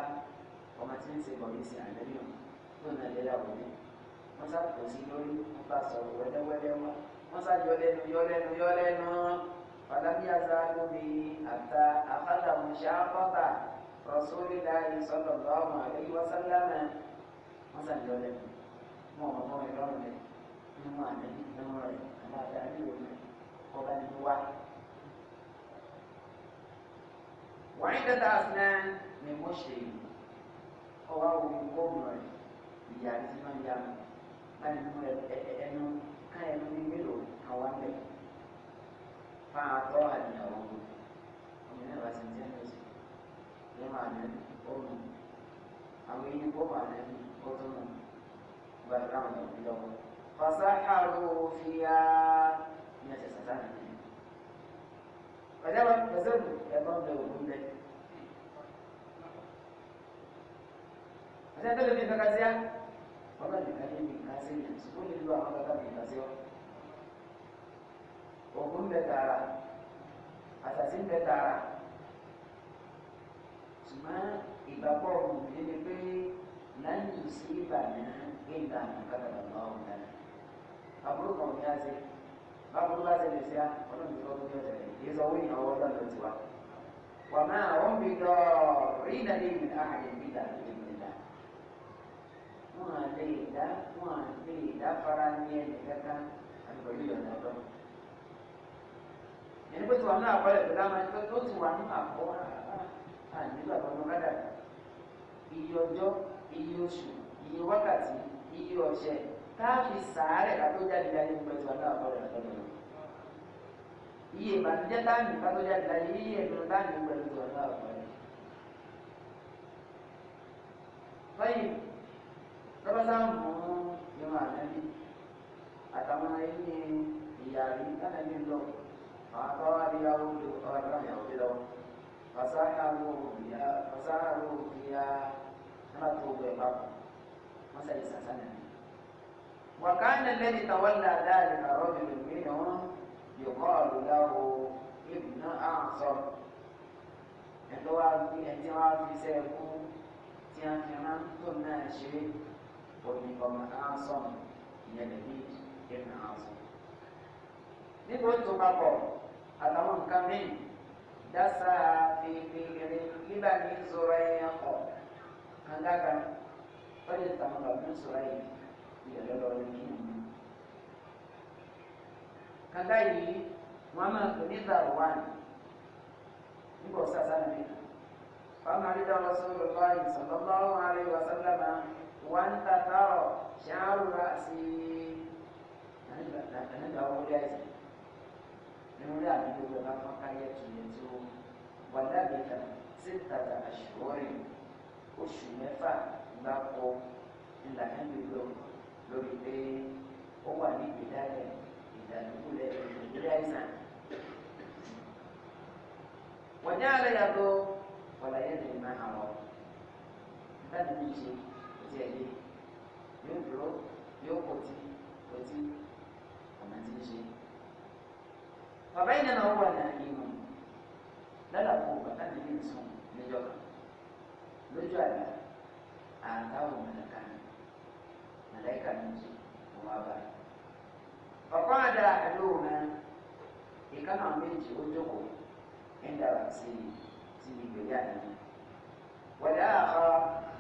ọmọ tí ń ṣe bọ̀mí sí àlẹ́yìn ló nà lé láwọn ní wọ́n sábà sí lórí wọ́n bá sọ̀rọ̀ wẹ́lẹ́wẹ́lẹ́ wọn wọ́n sá yọ lẹ́nu yọ lẹ́nu yọ lẹ́nu fàdákìyàsá lóbi àtà àfàdàmù ṣàkọ́tà rọ̀sọ́lẹ́dáyé sọ̀tọ̀ lọ́mọ àlẹ́yìn wọ́sálámà wọ́n sá yọ lẹ́nu wọn ò mọ ìrọ̀rùn rẹ̀ وعدة أسنان من مشري ọwọ́ ìkọ́ọ̀mù rẹ̀ ìyá àti máa ń yá mi láti mú ẹnu ká ẹnu ní mélòó ká wá mẹ́ fa àtọ́ àdìyàwó ọmọ náà bá ti ń tẹ́lẹ̀ sí ẹ máa lẹ́ ọmọ àwọn èyí kọ́ máa lẹ́ ọdún mọ́ gba ìdáhùn náà fi lọ́wọ́ fasáhàrò fi yá ní ẹsẹ̀ sátánì. pẹ̀lú ẹ̀bọ̀n bẹ̀rù ń bẹ́ẹ̀. àtẹ́tẹ́lẹ̀ mi kankan sí á ọlọ́ nìkan ní mi nǹkan sí yẹn ṣùgbọ́n mi lu àwọn kankan mi nǹkan sí ọ. ògùn bẹ tààrà àtàtì bẹ tààrà ni pé láyé sí ìbànú ìlànà kankan lọ́wọ́ náà àbúrò kan ní àṣẹ báwo bá ṣẹlẹ̀ sí á ọlọ́run ti lọ́dún yóò tẹ̀lé yìí sọ wíyàn ọwọ́ ọlọ́run ti lọ rí ìdàdé ìgbìlá àyè ìgbìlá àyè wọn à lè dá wọn à lè dá fara ní ẹnì kankan àti pẹ̀lú ìyọ̀nà ọ̀dọ́. ẹni pé tí wọn náà kọ́lẹ̀ pẹ̀lú àwọn ẹni tó ti wà nínú àkọ́ àdúgbò àbọ̀mọ́ gádà iye ọjọ́ iye oṣù iye wákàtí iye ọ̀sẹ̀ káàfi sàárẹ̀ kátó jáde láyé ń pẹ̀tù àdúrà kọ́lẹ̀ lọ́dọ̀ lọ. iye ìbànújẹ́ táàmì kátó jáde láyé iye ẹ̀dùn táàmì ń pẹ̀lú àdúrà kọ́lẹ̀ tọ́lá láàmú ìrún ànábì àtàwọn ẹni ìyàrí tánàbí lọ àwọn àtọ́wá bí yàwó lò ọ̀rọ̀ ìrọ̀ ìyàwó bí lọ fasáhà ló bìyà fasáhà ló bìyà nígbà tó gbẹ papọ̀ wọ́n sẹ́yìn sàṣà nàbí. وكان الذي تولى ذلك رجل منهم يقال له ابن أعصر ẹ̀tọ́ wa fi ẹ̀tí wa fi sẹ́ẹ̀kú tí a fi rán tó náà ṣe é òní ọmọ ansom ìyẹn nàbí ìyẹn ansom. níbo tó papọ̀ àtàwọn nǹkan mìíràn dasa fèèfèé rẹ nígbà ní zọrọ ẹyàn kọ kàńgá kan ó lè tàwọn bàbá ń sọrọ yìí ìyẹn lọ́wọ́ ní kí ni. kàńgá yìí wọ́n máa pè ní zaruwan níbo sàzánà mi. فأما رضا رسول الله صلى الله عليه وأنت ترى شعر رأسي أنا بقول يا زين nínú ilé àdúgbò tó bá fọ́n káyé tìyẹ tó wà lábẹ́ta síntàtà àṣìwọ́rìn oṣù mẹ́fà gbáko ìlànà lílo lórí pé ó wà ní ìdálẹ̀ ìdàdúgbòlẹ̀ ìdílé àìsàn. wọ́n ní àlẹ́ yàgò wọ́n láyé lè tí ẹ lé yóò dúró yóò kò tí kò tí ọ̀nà tí ń ṣe. bàbá yìí nana wà ní ìmọ̀ lálàfo bàbá mi ní sùn níjọ́ kan lójú àlá àtàwọn mọ̀lẹ́ka mi mọ̀lẹ́ka mi jì wọ́n wá bá yìí. ọ̀pọ̀ àdá àdúrà náà ìkànnà méjì ó jókòó ẹ̀ ń dàgbà sí i sí ìgbéyàwó wọ̀dà àkọ́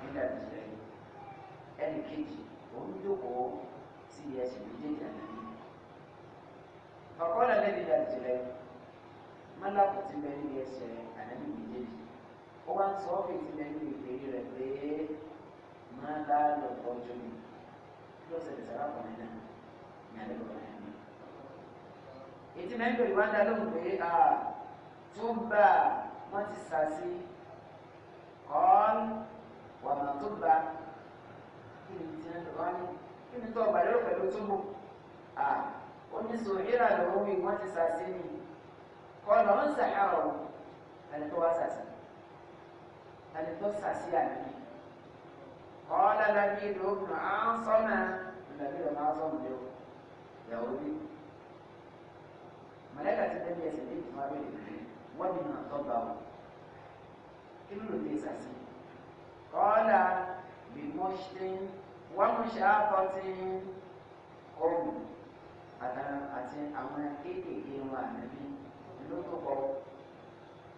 ẹ̀ ń dàgbà sí i ẹnì kejì òun jókòó sí ẹsẹ̀ méjèèjì àdébí. Fàkọ́lá lẹ́bi láti rẹ̀ Málákù ti bẹ níbi ẹsẹ̀ àdébí méjèèjì. Ó wá ń sọ ọ́ fèsì bẹ níbi ìpèrè rẹ̀ pé máa bá lọ tọ́jú mi. Kí ló ṣẹlẹ̀ sábà kan nínú ìyàlẹ́ bọ̀dọ̀ rẹ̀ mi? Ètí mẹ́ńdò ìwádà lóhùn pé à tó bá wọ́n ti sà sí. Kọ́ọ́n wà tó bá kí ni ti náà lọ́wọ́ ní kí ni tó ọgbà lọ́rọ̀ pẹ̀lú túbú à ó ní sọ ìrà lọ́wọ́ mi wọ́n ti sàṣẹ ni kọlọ̀ ń sàárọ̀ ẹni tó wá sàṣẹ ẹni tó sàṣẹ àbí kọ́lá lábí lóògùn à ń sọ́nà ìlàbí ọ̀nà àzọ́nù lẹ́wọ̀ kọ́lá. بمشت ومشاقة قم àti àwọn kéékèèké wọn ànábí lókòkò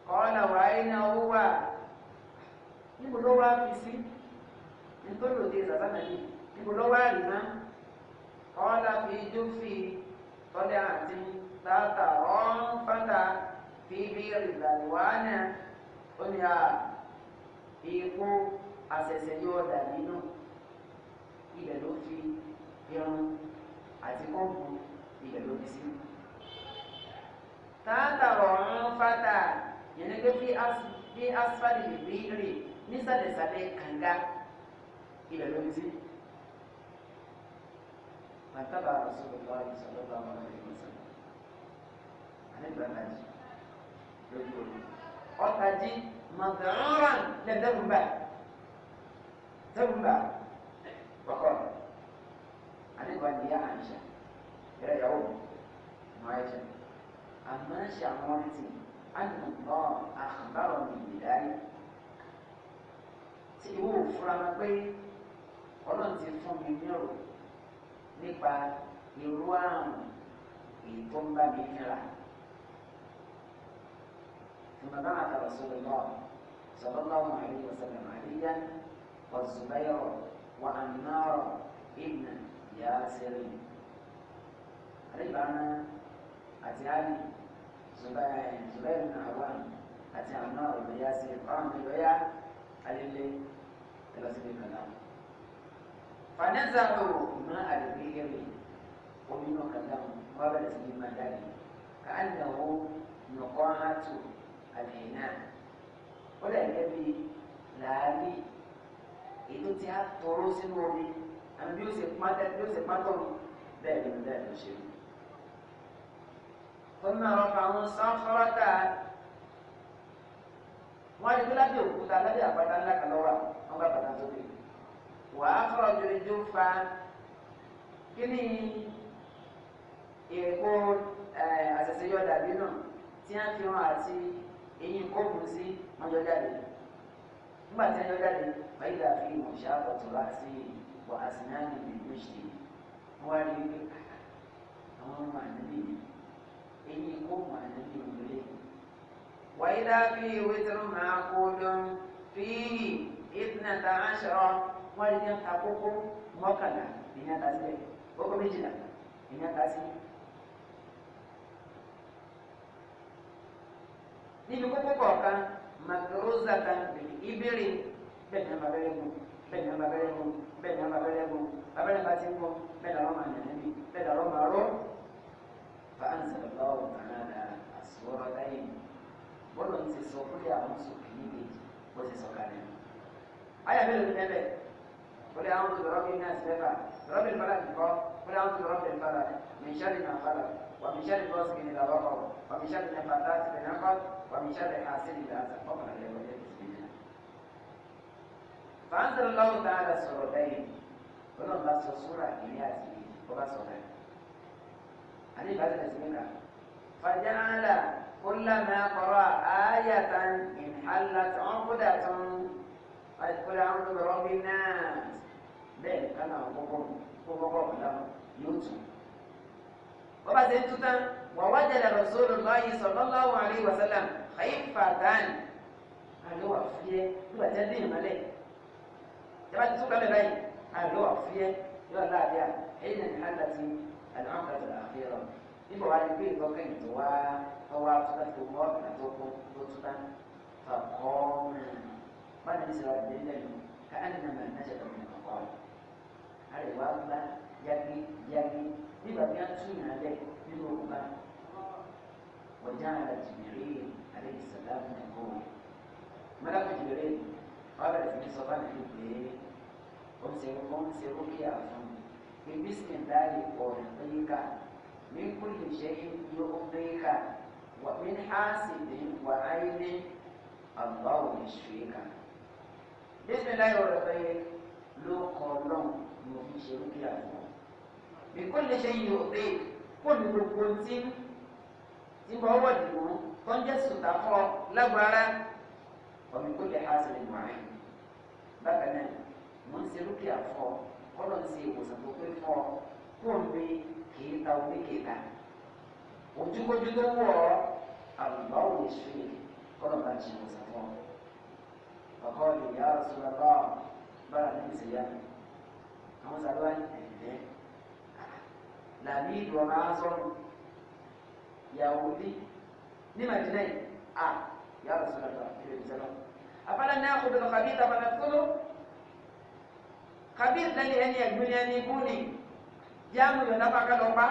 kọ́ọ̀lá wà iná owó wà níbo ló wá fi sí nítorí òde sàbánà yìí níbo ló wá rí má kọ́ọ̀lá fi ijó fi tọ́lẹ̀ àti tààtà ọ̀n fàtà fi bí rìbàlùwánà ó ní à asẹsẹ yọ ọdà nínú ilẹ̀ ló fi irun àti kọ́ọ̀bù ilẹ̀ ló fi sí. tààtàrọ̀ ọ̀run fata yẹn gbé bí asfali rí rè nísàlẹ̀sàlẹ̀ kànga ilẹ̀ ló fi sí. a rasulullah sallallahu alaihi wasallam àníbàlájì lójú omi ọ̀tàjì mọ̀gàrán lẹ́dẹ́gùn báyìí. ثم وقال أنا قال يا عائشة يا يعود معايشة أما شعرت أن الله أخبرني بذلك tí ìwọ òfura ma pé ọlọ́run ti fún mi nírò nípa irú àrùn èyí tó ń bá mi níra. ثم بعث رسول الله صلى الله عليه وسلم عليا والزبير وعمار ابن ياسر ربنا علي زبير زبير بن عوام أتي عمار بن ياسر قام بالبيع قال اللي تلازم الكلام فنزلوا ماء البئر ومنه كلام قبل سليم ذلك كأنه نقاعة الإناء ولا يبي لعلي èyí tó ti á tọrọ sínú omi àmì bí ó ṣe pátá bí ó ṣe pátọ̀ mi bẹ́ẹ̀ ni bẹ́ẹ̀ ló ṣe rí. ọ̀nà ọ̀pọ̀ àwọn sanfọ́rọ́tà wọ́n rí bíláàdì òkúta lábẹ́ àpáta ńlá kan lọ́wọ́ àwọn bá bàtà tó kéde. wàá fọ̀rọ̀ jòlè jó fa kí ni èkó àṣẹṣe yọ̀dà bí náà tí wọ́n fi hàn àti eyín kọ́ọ̀bù sí ọjọ́ jáde yìí nígbà tí ẹjọ́ jáde báyìí àfi ìmọ̀ṣá ọ̀tún láti wà á sí náà níbi méjì wọ́n á rí i pé ah, àwọn ọmọ ànábì ẹ̀yìn kó mọ̀ ànábì òwúrẹ́ wáyé dábì ìwé tó ń máa kó lọ fíìhì ìdínà tá a ń ṣọ́ wọ́n rí ní àkókò mọ́kànlá ìyá ta sílẹ̀ kókó méjìlá ìyá ta sí. níbi kókó kọ̀ọ̀kan makruzatan bìlì ìbéèrè bẹ́ẹ̀ ni ababẹ́rẹ́ gùn bẹ́ẹ̀ ni ababẹ́rẹ́ gùn bẹ́ẹ̀ ni ababẹ́rẹ́ gùn abẹ́rẹ́ bá ti ń gùn bẹ́ẹ̀ làwọn máa nàá níbi bẹ́ẹ̀ làwọn máa rọ́ fa á ń sọ̀rọ̀ lọ́wọ́ tààlà àsùwọ́rọ̀ láyé bọ́lọ̀ ń ti sọ fúlé àwọn sòkè níbi bó ti sọ kalẹ̀ ayà mélòó ni mẹ́fẹ̀ ومن شر غاسق إذا وقب ومن شر النفاثات في العقد ومن شر حاسد إذا حسد فأنزل الله تعالى سورتين ولم بس سورة إلياتي وبس سورة أنا بعد الأزمنة فجعل كلما قرأ آية انحلت عقدة قل أعوذ برب الناس بل كان عقوقهم عقوقهم لهم يوتيوب wọ́n bá ṣe ń tútán wà wá jẹ́ lẹ́rọ sóòrò lọ́yìn sallallahu alaihi wasallam ayé fàtán àlọ́ àfiyẹ́ nígbà tí wọ́n dín ìmọ̀lẹ̀ ìjọba ti túkọ̀ lẹ́la yìí àlọ́ àfiyẹ́ yóò láàbíà èyí nà ní àdàtì àlọ́ àkàtà àfihàn nígbà wà ní pé ìkọ́kẹ́ yìí tó wá ọwọ́ àtúntà tó mọ́ ọ̀nà tó kún tó tútà fàkọ́ bá ní sọ̀rọ̀ yagi yagi nígbà tí wọ́n tún yàn lẹ̀ nínú ọgbà wọ́n já ara jìbìrì àlejò sàlámù ẹ̀kọ́ mọ́lákà jìbìrì wọ́n bẹ̀rẹ̀ sí ní sọ bá nàìjíríà pé ó ń ṣe ó ń ṣe rókè àfún ìbísí ìdáyé ọ̀rẹ́ péyíká ní kúlì ṣe yóò péyíká wà ní hásìdì wà áyé ní àbáwò ìṣúyíká. bísí mo fi ṣe rókè àfún bìkọ́lẹ̀ ṣe yìí ò pé kó ní gbogbo tí tí bọ́ wọ̀ dìbò tó ń jẹ́ sùtà fọ́ lágbára ọ̀bìkọ́lẹ̀ ha sì lè máa yìí bákan náà mo ń ṣe rúkìá fọ́ kọ́lọ̀ ń ṣe ìwòsàn tó pé fọ́ kó ń gbé kìí ta omi kìí ta ojúkójú tó wọ̀ ọ́ àlùbá ò lè ṣe kọ́lọ̀ bá ṣe ìwòsàn fọ́ ọkọ ìyá sọlá bá bá a ní ìṣẹ̀yà àwọn sábà ń tẹ̀lé. na liitwa nazo yahudi ni majinai ah, ya rasulallah apana nayakhudhul khabitha fanakhudhu khabith nani eni ya duniani buni jamu yonapa kalomba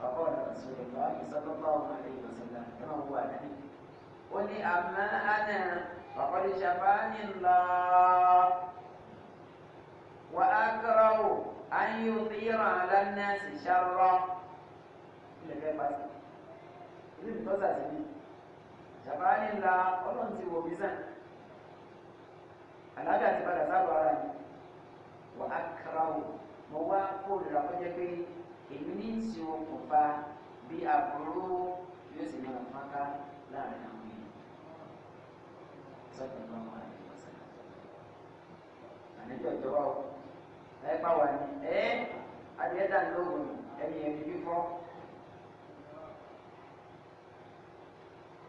fakola rasulullahi sallallahu alaihi wasallam kama huwa nabi qul amma ana faqad shafani allah وأكره أن يطير على الناس شرا ilé mi tọ́sà sí bí ìjàmbá ní ńlá ọlọ́run ti wò mí sàn àlàáfíà ti padà sábà ara mi wà á kára o mo wá kórìíra kó jẹ́ pé èmi ní í ṣe okùnfà bí àbúrò yóò sì máa fọ́nká láàrin àwọn èèyàn sọ́kùnrin náà wà ní ìwọ̀sán àníjọ́ ìjọba ọkùnrin ẹ pa wà ní ẹ adìẹ dà lóògùn ẹmí ẹmí fífọ́.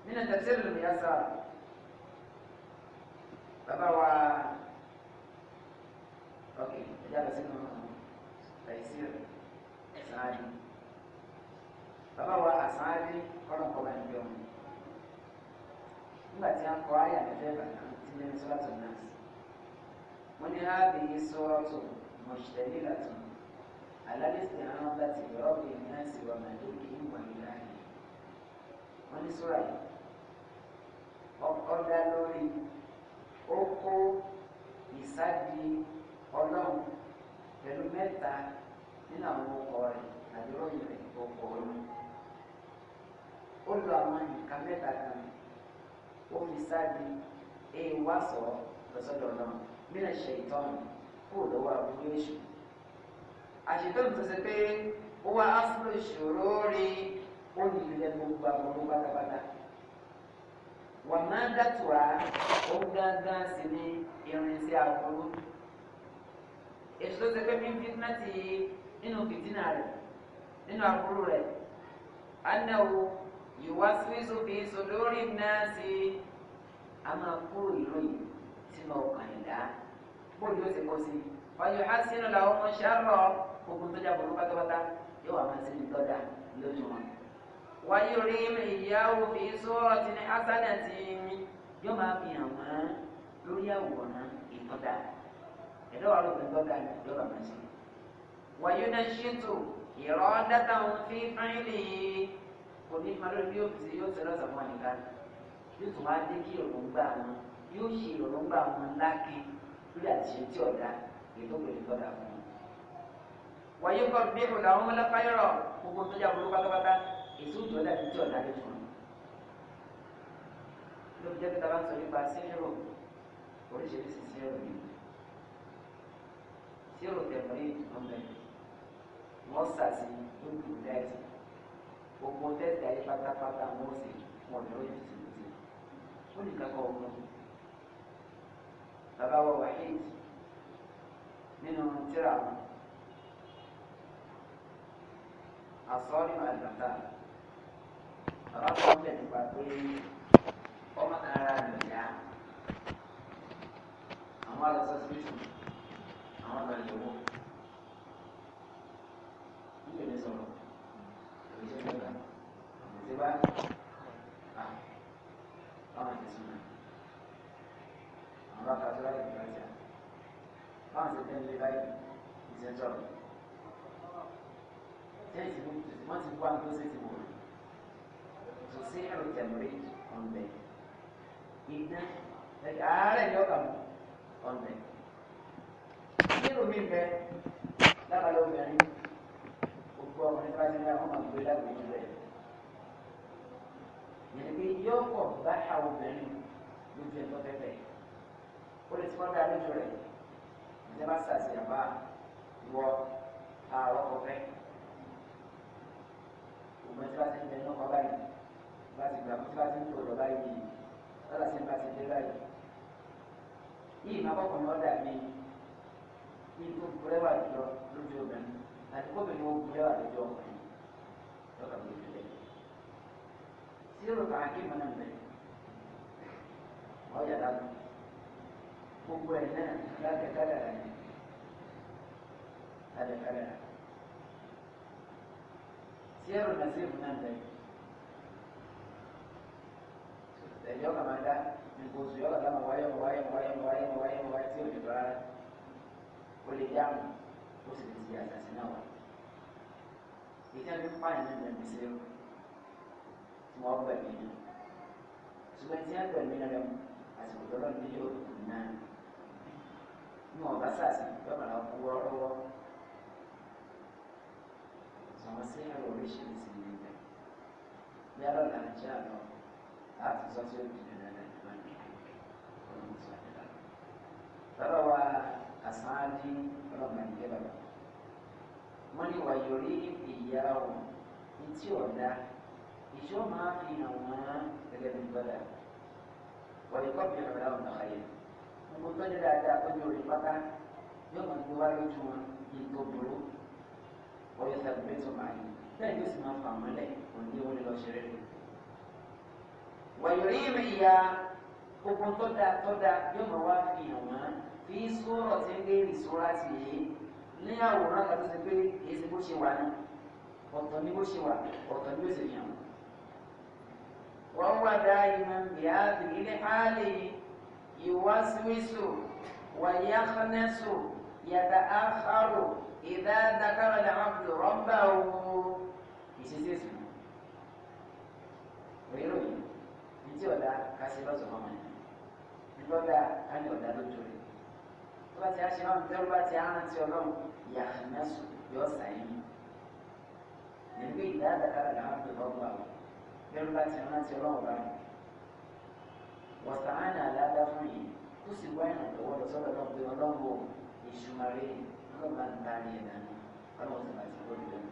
nínú tẹ̀sílì lòdì yàtọ̀ bàbá wa ok ẹja lọ sínú tẹ̀sílì sáájú bàbá wa àsáájú kọ́nà kọ́ba níjọ́ mi nígbà tí a ń kọ́ ayà lẹ́fẹ̀ẹ́ bàtà tí lẹ́nu sọ́ọ́tù náà wọ́n ní hábìyí sọ́ọ́tù. مشتملة على الاستعاضة برب الناس ومليكهم وإلههم wọ́n ní sọ́ra yìí ọkọ̀ dá lórí ó kó ìsádi ọlọ́run pẹ̀lú mẹ́ta nínú àwọn ọkọ̀ rẹ̀ tàbí ròyìn rẹ̀ ọkọ̀ ọ̀run ó lo àwọn nǹkan mẹ́ta kan ó fi sádi èèwà sọ lọ́sọ̀dọ̀ náà mílẹ̀ ṣe ìtọ́nù kúrò lọ́wọ́ àwọn méjèèjì àṣetọ́nù tó ṣe pé ó wá áṣírò ìṣòro rí ó ní ilẹ̀ gbogbo àwọn ọmọ pátápátá wà máa ń dàtúrà ó ń gángan sí ní irinṣẹ́ àbúrú èso tó ṣe pé bí fitna ti nínú fìtínà rẹ̀ nínú àbúrú rẹ̀ anáwó ìwà síwísófì sódórí náà sí a máa kúrò ìròyìn sínú ọkàn bóyá ó ti kó sí i wáyé ha sínú làwọn ọmọ ṣàrọ ogun tó jábọ̀ lọ́pàá tọ́pátá yóò wà máa sínú tọ́jà lójú wọn. wáyé orí ìyáwó fi sọ́ọ̀rọ̀ ti ní asánà ti ní yóò máa fi hàn wọ́n lórí àwòrán ìtọ́jà ẹ̀dọ́ wà lópin tọ́jà yóò wà máa sínú. wáyé náà ṣètò ìrọ̀ dátà òun fi fáìlì òní ìmọ̀lẹ́ bí ó ti yóò tẹ̀lé ọ̀sán wọn nìkan yóò tún wá dé kí òrùngbà wọn yóò ṣe òrùngbà wọn lákin lórí àtìṣe tí ọ̀dà èyí tó gbèrè lọ́dà fún un. wàyí kọ́ bí ọ̀dà àwọn ọlọ́pàá gbogbo tó yà burú pátápátá èso ìjọ dàbí tí ọ̀dà lè fún un. lóbi jẹ́ kíta bá ń sọ nípa sírò oríṣiríṣi sírò ni sírò tẹ̀mọ́rí ọ̀mẹ́ wọ́n sàṣì lójú dáìtì gbogbo tẹ́tì ayé pátápátá wọ́n sì wọ́n lórí ìtìlú sí i. ó nìkan kọ́ ọkùnrin bàbá wa wahid nínú tíra wọn asọ́rí màlúbàtà bàbá kan bẹ̀ nípa pé ọmọ kan ara rẹ̀ yá àwọn alọ́sọ́síṣù àwọn ọ̀nà ìyẹ̀wò níbi ìní sọ̀rọ̀ èyí ṣe ń bẹ̀rẹ̀ àti bá àwọn ìdí sọ̀rọ̀ àwọn akadé láyé ní ọjà báwọn ṣe tẹ́lẹ̀ láyé ìṣẹ́jọ́ rẹ̀ tẹ́lẹ̀ tí wọ́n ti wá nígbó sí ti wò rẹ̀ tó sí ẹ̀rọ tẹ̀mọ̀rí ọ̀nbẹ̀ iná ààrẹ ni ọkà mọ̀ ọ̀nbẹ̀ nínú mi bẹ lábàlẹ̀ obìnrin gbogbo ọkùnrin tó bá ti ń bá wọn máa ó lè ti wọ́n dá lójú rẹ̀ ǹjẹ́ má sàṣì àbá ìwọ àárọ̀ ọ̀fẹ́ ògbọ́n tí wọ́n ti ń bẹ lọ́kọ̀ báyìí bá ti gbà tí wọ́n ti ń tò lọ báyìí lọ́la sí bá ti dé báyìí. yìí má kọ́kọ́ ní ọ̀dà mi ní tó rẹwà jùlọ lójú obìnrin àti kóbìnrin ogun rẹwà lójú ọkùnrin lọ́kà lójú rẹ̀. sí ìròkàn akéwòn náà bẹ̀rẹ̀ ọ̀yà dáná gbogbo ẹ̀ náà lábẹ́ kádàrà ni lábẹ́ kádàrà tí ẹ̀rọ náà sí ìmúná bẹ́ẹ̀ ẹ̀yọ́ kàmá dá nǹkan oṣù yọ̀ọ́ kàmá wáyé wáyé wáyé wáyé wáyé wáyé tí ò lè bá o lè dá mọ̀ o sì lè ti àtàtì náà wá ìkẹ́kẹ́ pààyàn náà bẹ̀rẹ̀ sí ẹ̀rọ tí wọ́n gbẹ̀mí náà ṣùgbọ́n tí wọ́n gbẹ̀mí náà lẹ́mu àsìkò tó lọ́ọ́ nílò náà. No, wọn bá sàṣì yọmọ náà kú wọ́ọ́rọ́wọ́ àwọn sí ẹ̀rọ oríṣiríṣi ní ibẹ̀ yálọ̀ là ń ṣe àlọ́ láti sọ sí òbí dandan náà ní wọn ní ọdún tí wọn dá lọ́dọ̀ wa àsáájú ọlọ́mọ ìgbẹ́ bàbá wọ́n ní wàyò rí ìyá wọn ní tí ọ̀dà ìṣó máa fi hàn wọ́n gẹ́gẹ́ bí gbọ́dọ̀ wọ́n gbogbo tó ní dáadáa tó ní orí pátá yóò máa gbé wá lójú wọn yìí tó burú ọyọ sàgbé tó máa yìí bẹ́ẹ̀ ni ó sì máa fà mọ́lẹ̀ òní wọlé lọ ṣeré rẹ̀. wàyọ̀rí mi ya gbogbo tó dáa tó dáa yóò máa wá fi hàn wọ́n fi sọ̀rọ̀ tí ń gbé ìṣúra tì í ní àwòrán kan tó ṣe pé kì í ṣe bó ṣe wà ní ọ̀tọ̀ ni bó ṣe wà ọ̀tọ̀ ni ó ṣe fi hàn wọ́n wá dáa ìmọ̀ ìyá àbí ilé hálẹ̀ yìí. يوسوس ويخنس يتأخر إذا ذكر العبد ربه يسيسيسو ويروي نتي ولا كاسبا سوما nígbọ́dá káni ọ̀dà lójú rẹ̀ tó bá ti á ṣe máa ń tẹ́rù bá ti á rántí ọlọ́run wọ̀tàánà aláàbá fún yìí ó sì wá ìrànlọ́wọ́ lọ sọ́dọ̀ náà pé ọlọ́run ò ìṣùmọ̀rẹ́ ọlọ́run bá ń darí ẹ̀ dání ọlọ́run sì máa ti kó lulẹ̀.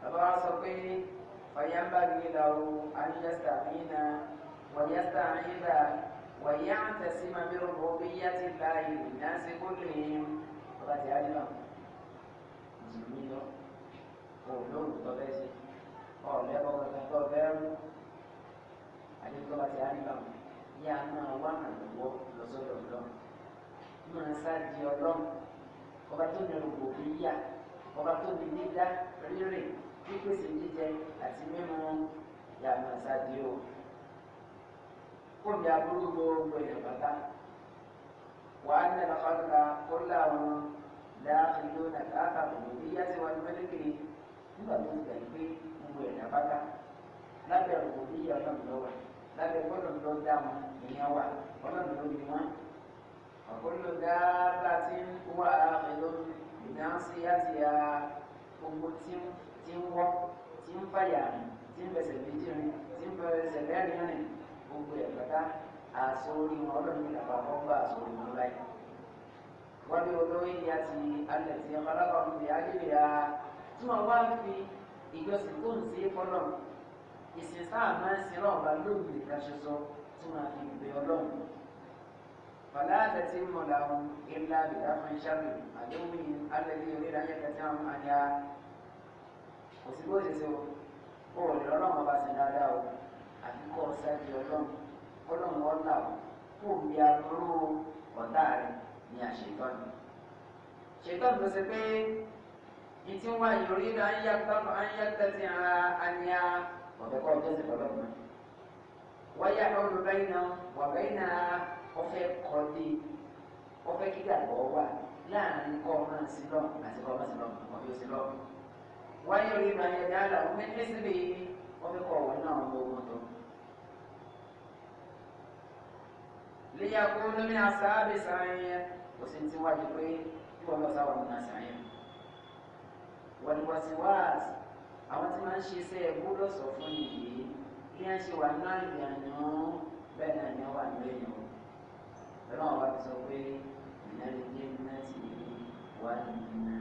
bàbá wa sọ pé fàyàmbá mi là ó àyíyásá mi nà wàyásá mi là wàyá àtẹ̀sí máa bí rọ̀bọ̀ bí yá ti la ìlú náà ṣe kó lè bàbá ti á nílò jì mí lọ òun lóòótọ́ bẹ́ẹ̀ ṣe ọ̀lẹ́kọ̀ọ́ kankan tó bẹ́ẹ̀ mú àdébíkọ́ba ti àríwá yá máa wá àlùwọ́ lọ́sọ̀dọ̀ ọlọ́run máa sáàdì ọlọ́run ọba tó ní rògbò bí yá ọba tó ní dídá rírìn pípèsè jíjẹ àti mímu yá máa sáàdì o kóbi aburú gbogbo èèyàn bàtà wàá nílẹ̀ lọ́kọ́ta kó láwọn dáàkìlú nàkàkà òní bí yá ti wà ní mẹ́lẹ́kìrì nígbà tó lábẹ́ gbọ́dọ̀ lọ dá wọn ìyẹn wà ọlọ́run ló ní wọn ọ̀gbọ́dọ̀ dáadáa tí ń wá ẹ̀rọ ìdánsí láti ya gbogbo tí ń tí ń wọ́ tí ń fàyà rìn tí ń bẹ̀sẹ̀ méjì rìn tí ń bẹ̀sẹ̀ mẹ́rin rìn gbogbo ẹ̀ pátá àṣọ orí wọn ọlọ́run ní bàbá wọn bá àṣọ orí wọn báyìí. wọ́n ní olóyè ya ti alẹ̀ tí ọmọ alákọ̀ọ́ mi bí agbèrè ya tí wọ́n wá ń fi ìjọsìn tó ń ṣe é ìsìn sáà máa ń sin náà bá lóògùn ìdáṣẹsọ tí wọn fi gbé ọlọ́run fàlà àtẹ̀tí mọ̀lá ohun ìlà bìlà fún ìṣàlù àdéhùn yìí alẹ́lẹ́ onídàájọ́ kẹtí àwọn àyà kò sí bó ṣe ṣe o ò lè ọlọ́run ọba sìn dáadáa o àfi kọ́ ọ sáájú ọlọ́run ọlọ́run ọ̀là o kó o bí aburú ọ̀tá rẹ ní àṣetọ́ni ṣetọ́ni ló ṣe pé ìtí wáyé orí náà ń yá tẹ́tí ara ọ̀dẹ̀kọ́ jẹ́sẹ̀ lọ́lọ́mọ. wáyà olùbẹ́yìn náà wà bẹ́yìn náà ọ̀fẹ́ kọ́lé ọ̀fẹ́ kígbàgbọ́ wà láàrin kọ́ máa sí lọ àti kọ́ máa sí lọ ọ̀fẹ́ sí lọ. wáyà orí ìgbà yẹn dáàlà ọmọ ẹgbẹ́ síbi ọ̀fẹ́ kọ́ ọ̀wọ́ náà ọmọ ogun tó. léyà kó lómi àsáàbì sáyẹn kò sí ti wájú pé kí wọ́n lọ sáwọn ọmọ náà sáyẹn. wọ́n ni wọ́n ti wáàsì àwọn tí wọ́n ń ṣiṣẹ́ gbọ́dọ̀ sọ fún nìyí bí wọ́n ṣe wà náà ìyànà bẹ́ẹ̀ náà ni wọ́n wà ní ẹ̀yàn lọ́nà wọn bá fi sọ pé ìnáwó jẹ́ mẹ́tì wà nínú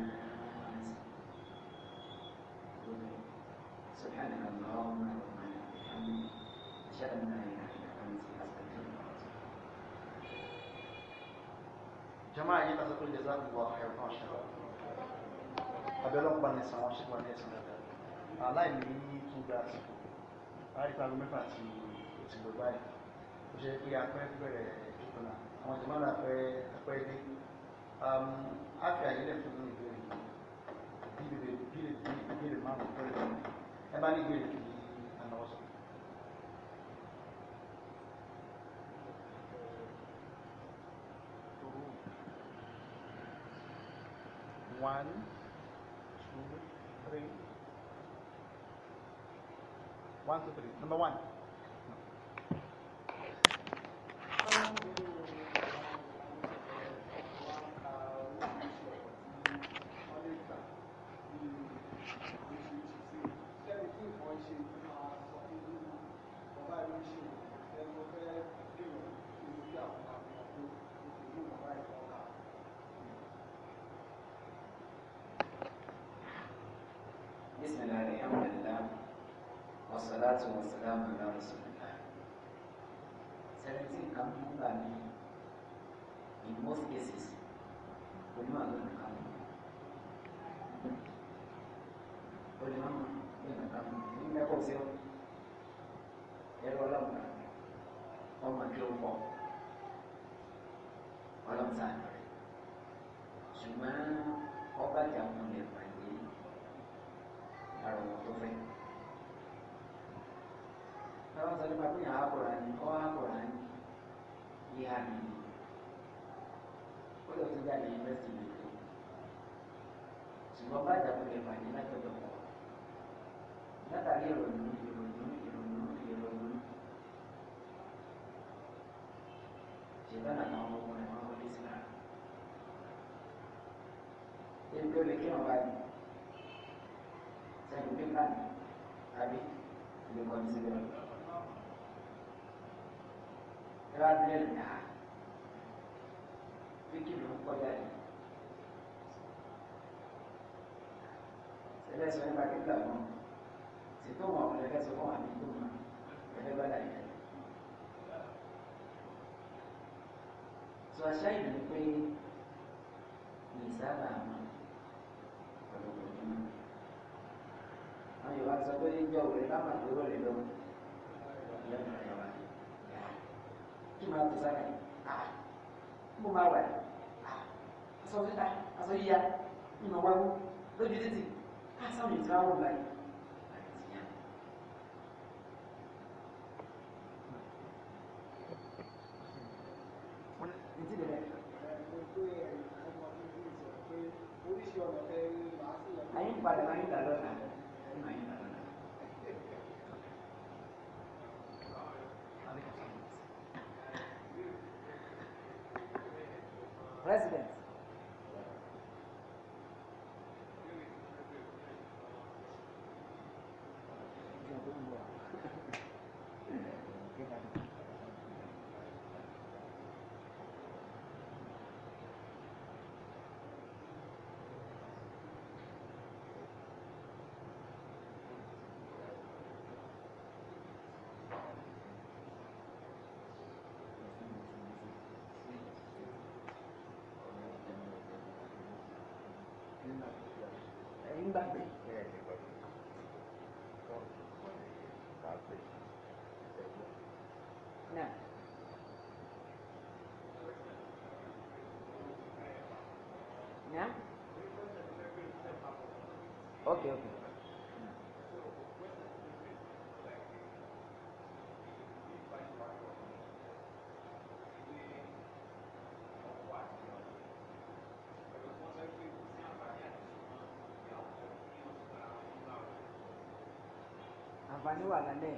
سبحانك اللهم ربنا وبحمدك أشهد أن لا إله إلا أنت أستغفرك وأتوب جماعة يتذكر جزاكم الله خير ما شاء الله أبلغ بني سلام شكرا لي سلام aláìní tún gba àsìkò àríkà aago mẹ́fà tí o ti lọ báyìí ó ṣe pé apẹ́ bẹ̀rẹ̀ ìjọba àwọn ìjọba náà apẹ́ apẹ́ dé á fi àyè lẹ́fún ní ìbéèrè ìbéèrè ìbéèrè ìbéèrè márùn-ún pẹ̀lú ẹ bá ní ìbéèrè kì í ànáwó sọ. One, two, three. One, two, three. Number one. Um, salatu wa salamu ala rasulillah seventeen kan mú gbà mí in most cases onímọ̀ àgbẹ̀ nìkan mú onímọ̀ àgbẹ̀ nìkan mú ní mẹ́kọ̀ọ́ sí ọ ẹ̀rọ ọlọ́mọ ọmọ kí ó pọ̀ ọlọ́mọ ṣùgbọ́n ọba jàmọ́. ya Al-Qur'ani ọ Al-Qur'ani ìhà mi ó lọ sí jáde yunifásitì yìí tó ṣùgbọ́n bá ìdàkúnlẹ̀ bàjẹ́ látọ̀dọ̀ pọ̀ látàrí ìròyìn ìròyìn ìròyìn ìròyìn ṣèbára àwọn ọmọ rẹ̀ wọ́n wọlé sí náà ebi olè kí wọn bá yìí sẹ́yìn pípa àbí ìlú kan síbẹ̀ ẹ wá bílẹ̀ lè dá wíkì ló ń kọjá yìí ṣẹlẹ̀ sọ nípa kíkà wọn ṣètò wọn ọ̀rọ̀ ẹ̀kẹ́ sọ fún àmì tó máa ẹ̀fẹ́ bá dà yẹn. sọ àṣà ìlú ni pé kì í sábà mọ ọ̀dọ̀gbọ̀n ní mọ́. àwọn Yorùbá sọ pé ń jọ òwe lábàá tó rọlẹ̀ lọ́wọ́ lẹ́nu ẹ̀yà wa kí máa tó sára yìí ah mo máa wà ah aṣọ fífa aṣọ yíya ní ma wáwó lójú títì káàsáwọn ètò àwọn ọ̀la yìí Àyípadà máa ń dà lọ́la. Ya. Oke, oke. Apa ini wa nan ne,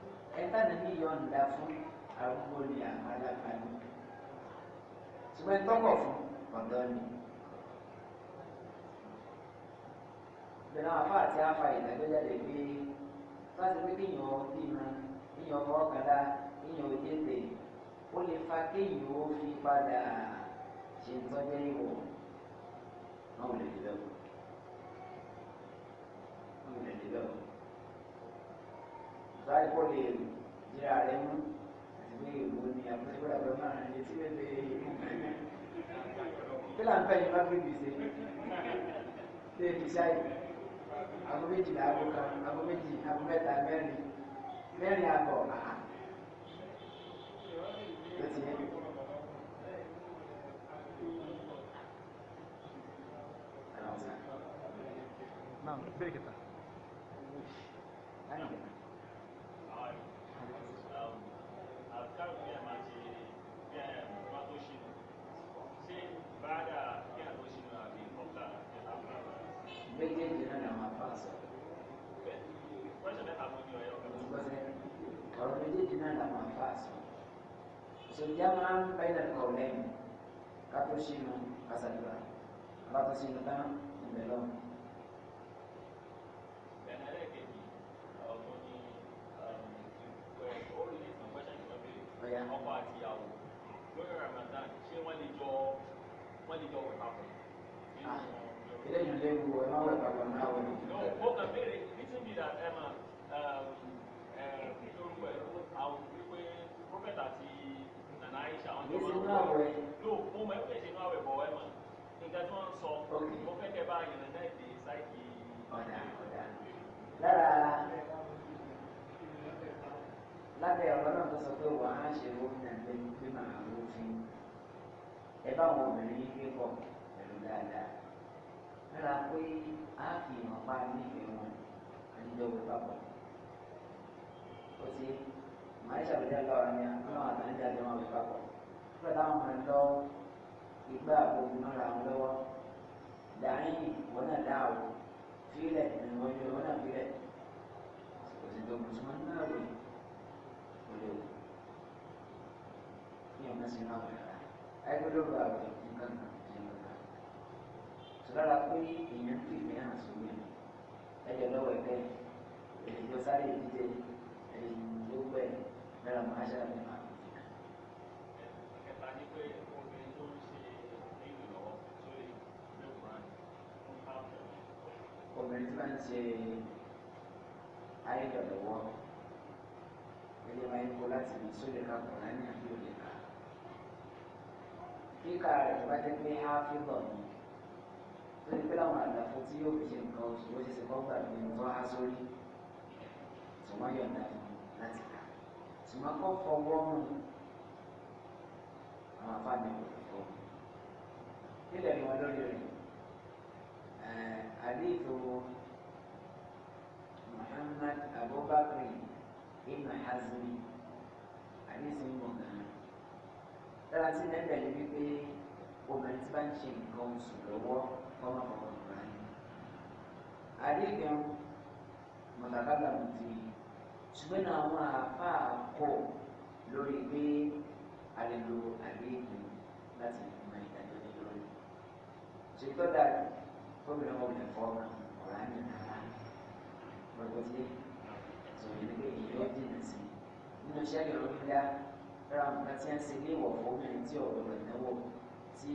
tánà bí yọ̀ǹda fún arúgbó ni àwọn alápàdé ṣùgbọ́n tọ́kọ̀ fún ọ̀dọ́ ni. ìbẹ̀rẹ̀ àfa àti afa ìdàgbẹ́jáde pé láti pé kéèyàn bímọ kéèyàn ọkọ̀ ọ̀kadà kéèyàn ojéte ó lè fa kéèyàn ó fi padà ṣe ń tọ́jú ìwọ̀ náà ò lè dé lọ́wọ́ náà ò lè dé lọ́wọ́. Sáyé kò lè rí yíra rẹ mú àti pé èèwọ̀ ni àbúrò àgbà máa rìn létí pépé kí là ń fẹ́ yín bá fi gbèsè ṣé èdè ṣáì aago méjìlá aago kan aago méjì aago mẹ́ta mẹ́rin mẹ́rin àbọ̀ àhà ló ti yẹ. Não, não sei que tá. Ai, não. جمعا بين القولين كاتو شينو كاسادورا كاتو شينو تان ìbẹ̀lọ́ ọkọ àti ìyàwó lórí Ramadan ṣé wọ́n lè jọ wọ́n lè jọ wẹ̀ papọ̀. ilé yìí lè wù ẹ máa wẹ̀ papọ̀ náà wẹ̀. mo kàn béèrè nítorí that ẹ máa kí lórúkọ ẹ àwọn wípé àná àìsà tó máa ń lò lò mo mọ̀ ẹ́ náà wẹ̀ bọ̀ ẹ́ mọ̀ wọ́n sọ mo fẹ́ kẹ́ bá yẹn náà dé sáìkì. lára lábẹ́ ọ̀rọ̀ náà tó sọ pé wà á ṣe owó ní àgbẹ̀ ní pé màá ló fi ẹ bá àwọn obìnrin yín gbé pọ̀ pẹ̀lú dáadáa lára pé a fi ìmọ̀ pa nífẹ̀ẹ́ wọn àdídọ́wọ́ papọ̀ ó ti àyíṣà ló jẹ́ ni àwọn àtàlẹ́jà jọ máa wí papọ̀ nígbà táwọn máa lọ ìgbà àbòmí mọ́ra wọn lọ́wọ́ dàáyìn wọn náà dá àwọn fílẹ̀ ní wọ́n yọ wọn náà fílẹ̀ òsì tó mùsùlùmọ́ náà rè kò lè wò kí ọmọ sí náà rẹ̀ ẹgbẹ́lógún àwẹ̀ nǹkan kan ẹ̀yìn kan sọlára pé èèyàn fi ìfẹ́ hàn sórí ẹ̀jẹ̀ lọ́wọ́ lára máa ṣe àmì máa fi fìkà. ẹ̀ka ní pé obìnrin tó ń ṣe ìlú lọ́wọ́ tó lè gbé kúrán fún káàpọ̀. obìnrin tí wọ́n ń ṣe ayédọ̀ lọ́wọ́ ẹni máa ń kó láti ibi tó lè ka kúrán ní àbí òde ká. kíkà rẹ̀ tó bá jẹ́ pé á fi bọ̀ ni tó ní pé láwọn àlàfo tí yóò fi ṣe nǹkan oṣù ó ṣe ṣe kọ́ gbà ní ọjọ́ á sórí tí wọ́n yọ̀ǹda fún láti ṣùgbọ́n kọ́ fọwọ́ mú àwọn afáàmì òfìfọ́ nílẹ̀ ni wọ́n lórí rẹ̀ àdéhùn Muhammad Abubakar ibn Hazmi àdéhùn mọ̀gàn lára tí nẹ́ẹ̀dẹ̀ ni wípé obìnrin tí bá ń ṣe nǹkan oṣù lọ́wọ́ kọ́mọ̀kọ́mọ̀ nípa ni àdéhùn mọ̀tàkàlà ṣùgbọ́n náà àwọn àáfàá pọ̀ lórí pé àlelo àléébù láti mọ ìdájọ́ ní lórí. ṣètò dàbí gómìnà wọn lè fọ́ ọ̀rọ̀ àmì náà lọ́gbọ́dé sọ̀rọ̀ ní pé ìyọ́ dìnnà sí i. nínú iṣẹ́ ìrọ̀ nígbà rárá nǹkan tí wọ́n ṣe ní ìwọ̀ fún obìnrin tí ọ̀gbọ̀dọ̀ náwó tí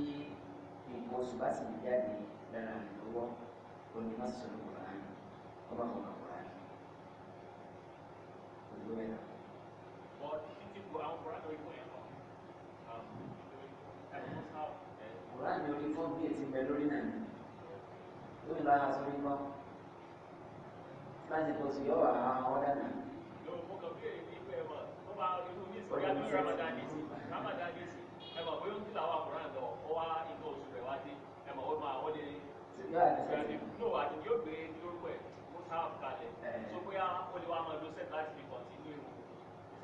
nǹkan oṣù bá sì ń jáde lára ìlú lọ́wọ́ onímọ̀ sọ̀rọ̀ ọ̀rọ̀ àmì ọba Quran ni orí fún bíi ti bẹ lórí nàìjíríà lórí lára sórí gbọ́ láti kó sí yọ̀wọ̀ àwọn ọ̀dà náà. Bóyá ní Ramadan ní sí, Ramadan ní sí, ẹ mọ̀ bóyá ó ń kí làwọn àkùrán lọ, ó wá inú oṣù rẹ̀ wá dé, ẹ mọ̀ ó máa wọ́n lè ní yóò gbé lórúkọ ẹ̀,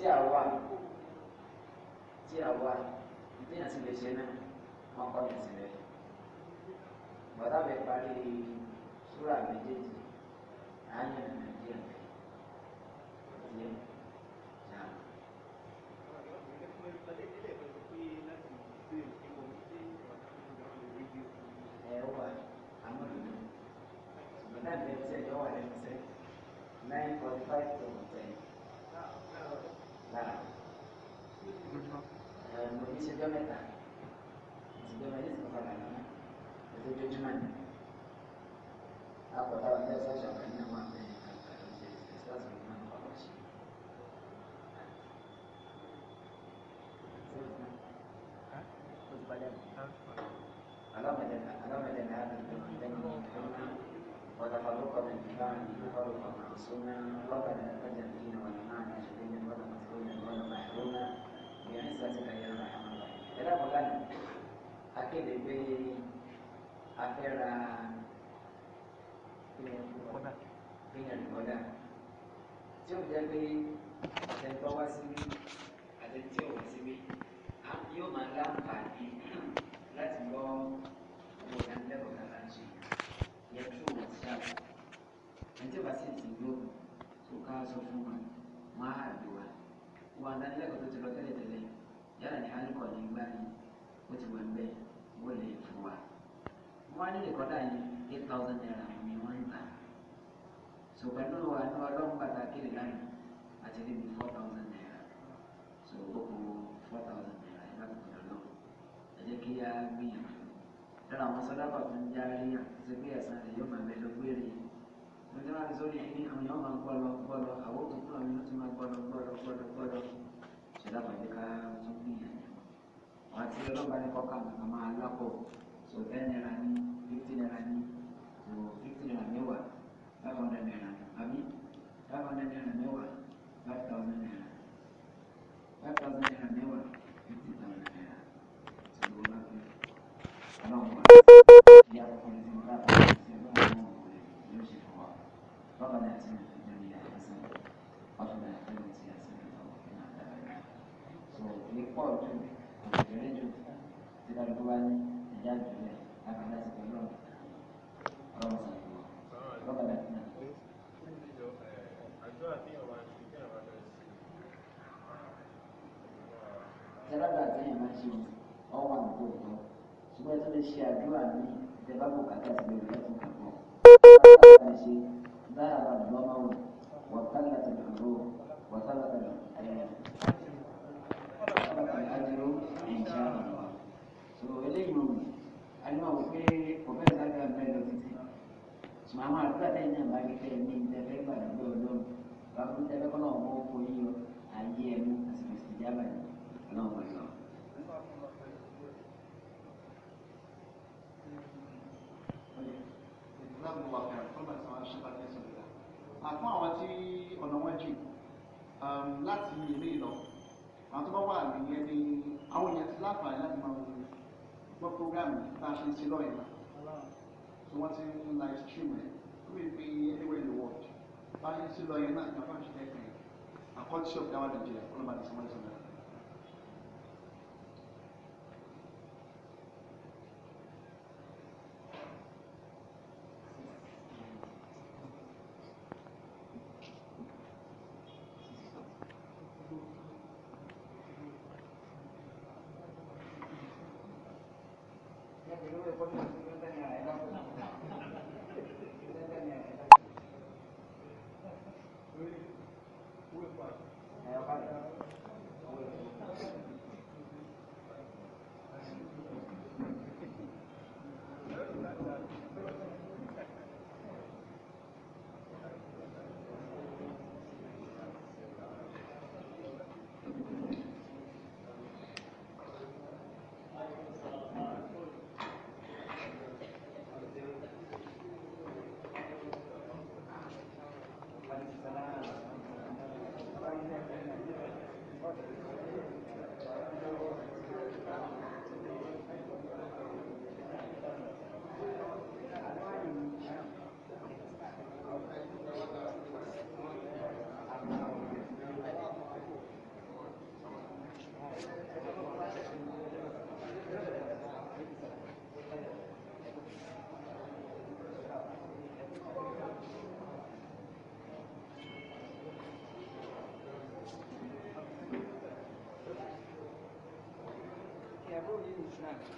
之后话。limit ọmọ gbọ́lọ̀ gbọ́lọ̀ àwọn òkú náà ni wọ́n ti máa gbọ́lọ̀ gbọ́lọ̀ gbọ́lọ̀ gbọ́lọ̀ ṣẹlá pàdé ká tún gbìyànjú wọn àti ọlọ́ba ní kọ́kà màmá máa lápò so ten naira ní fifty naira ní so fifty naira mẹ́wàá five hundred naira àbí five hundred naira mẹ́wàá five thousand naira ربنا اتنا في الدنيا حسنه وقنا عذاب حسنه وقنا عذاب النار so èyí pọ̀ jù òṣèré jù tí kálukú bá ní ẹ̀já jùlẹ̀ àkàndá sí pẹ̀lú ọlọ́run sàlùwọ̀ rọ́bàdà tí náà. sẹ́lábà tí èèyàn máa ń ṣe ọwọ́ àgbo ìtọ́ ṣùgbọ́n ضرب الظمأ وقلت الحروف وثبت الأجر إن شاء الله. So eléyìí mọ̀ mi, a ní wà wò pé ọ̀fẹ́ ìsájà ń bẹ lọ títí. Sùmọ́ àwọn àdúrà tẹ̀yìn náà bá gbé ní ìtẹ́fẹ́ gbàdúgbò ọlọ́run. Bàbá mi tẹ́fẹ́ kọ́ náà wọ́n ó foyín yọ ayé ẹnu àti ìsìn ìjábà yìí. Ọlọ́run pẹ̀lú ọ. Ìgbàgbọ́ wa kàn fún bàtà wa ṣe bàtà àfún àwọn tí ọ̀nà wọn jì um, láti ilé lọ àwọn tó bá wà nìyẹn ni àwọn èèyàn ti láǹfààní láti máa gbọ́ program tá a ṣe ń ṣe lọ́yìn náà tí wọ́n ti ń live stream ẹ̀ tó bí pé anywhere in the world bá a ṣe ń ṣe lọ́yìn náà ní àfáàṣẹ́ ẹ̀kẹ́ àkọ́tíṣọ́ọ̀bù dáwà nàìjíríà kọ́lọ́mọdé sọmọdé sọmọdé. ಕೊಡ್ತೇನೆ я был, я не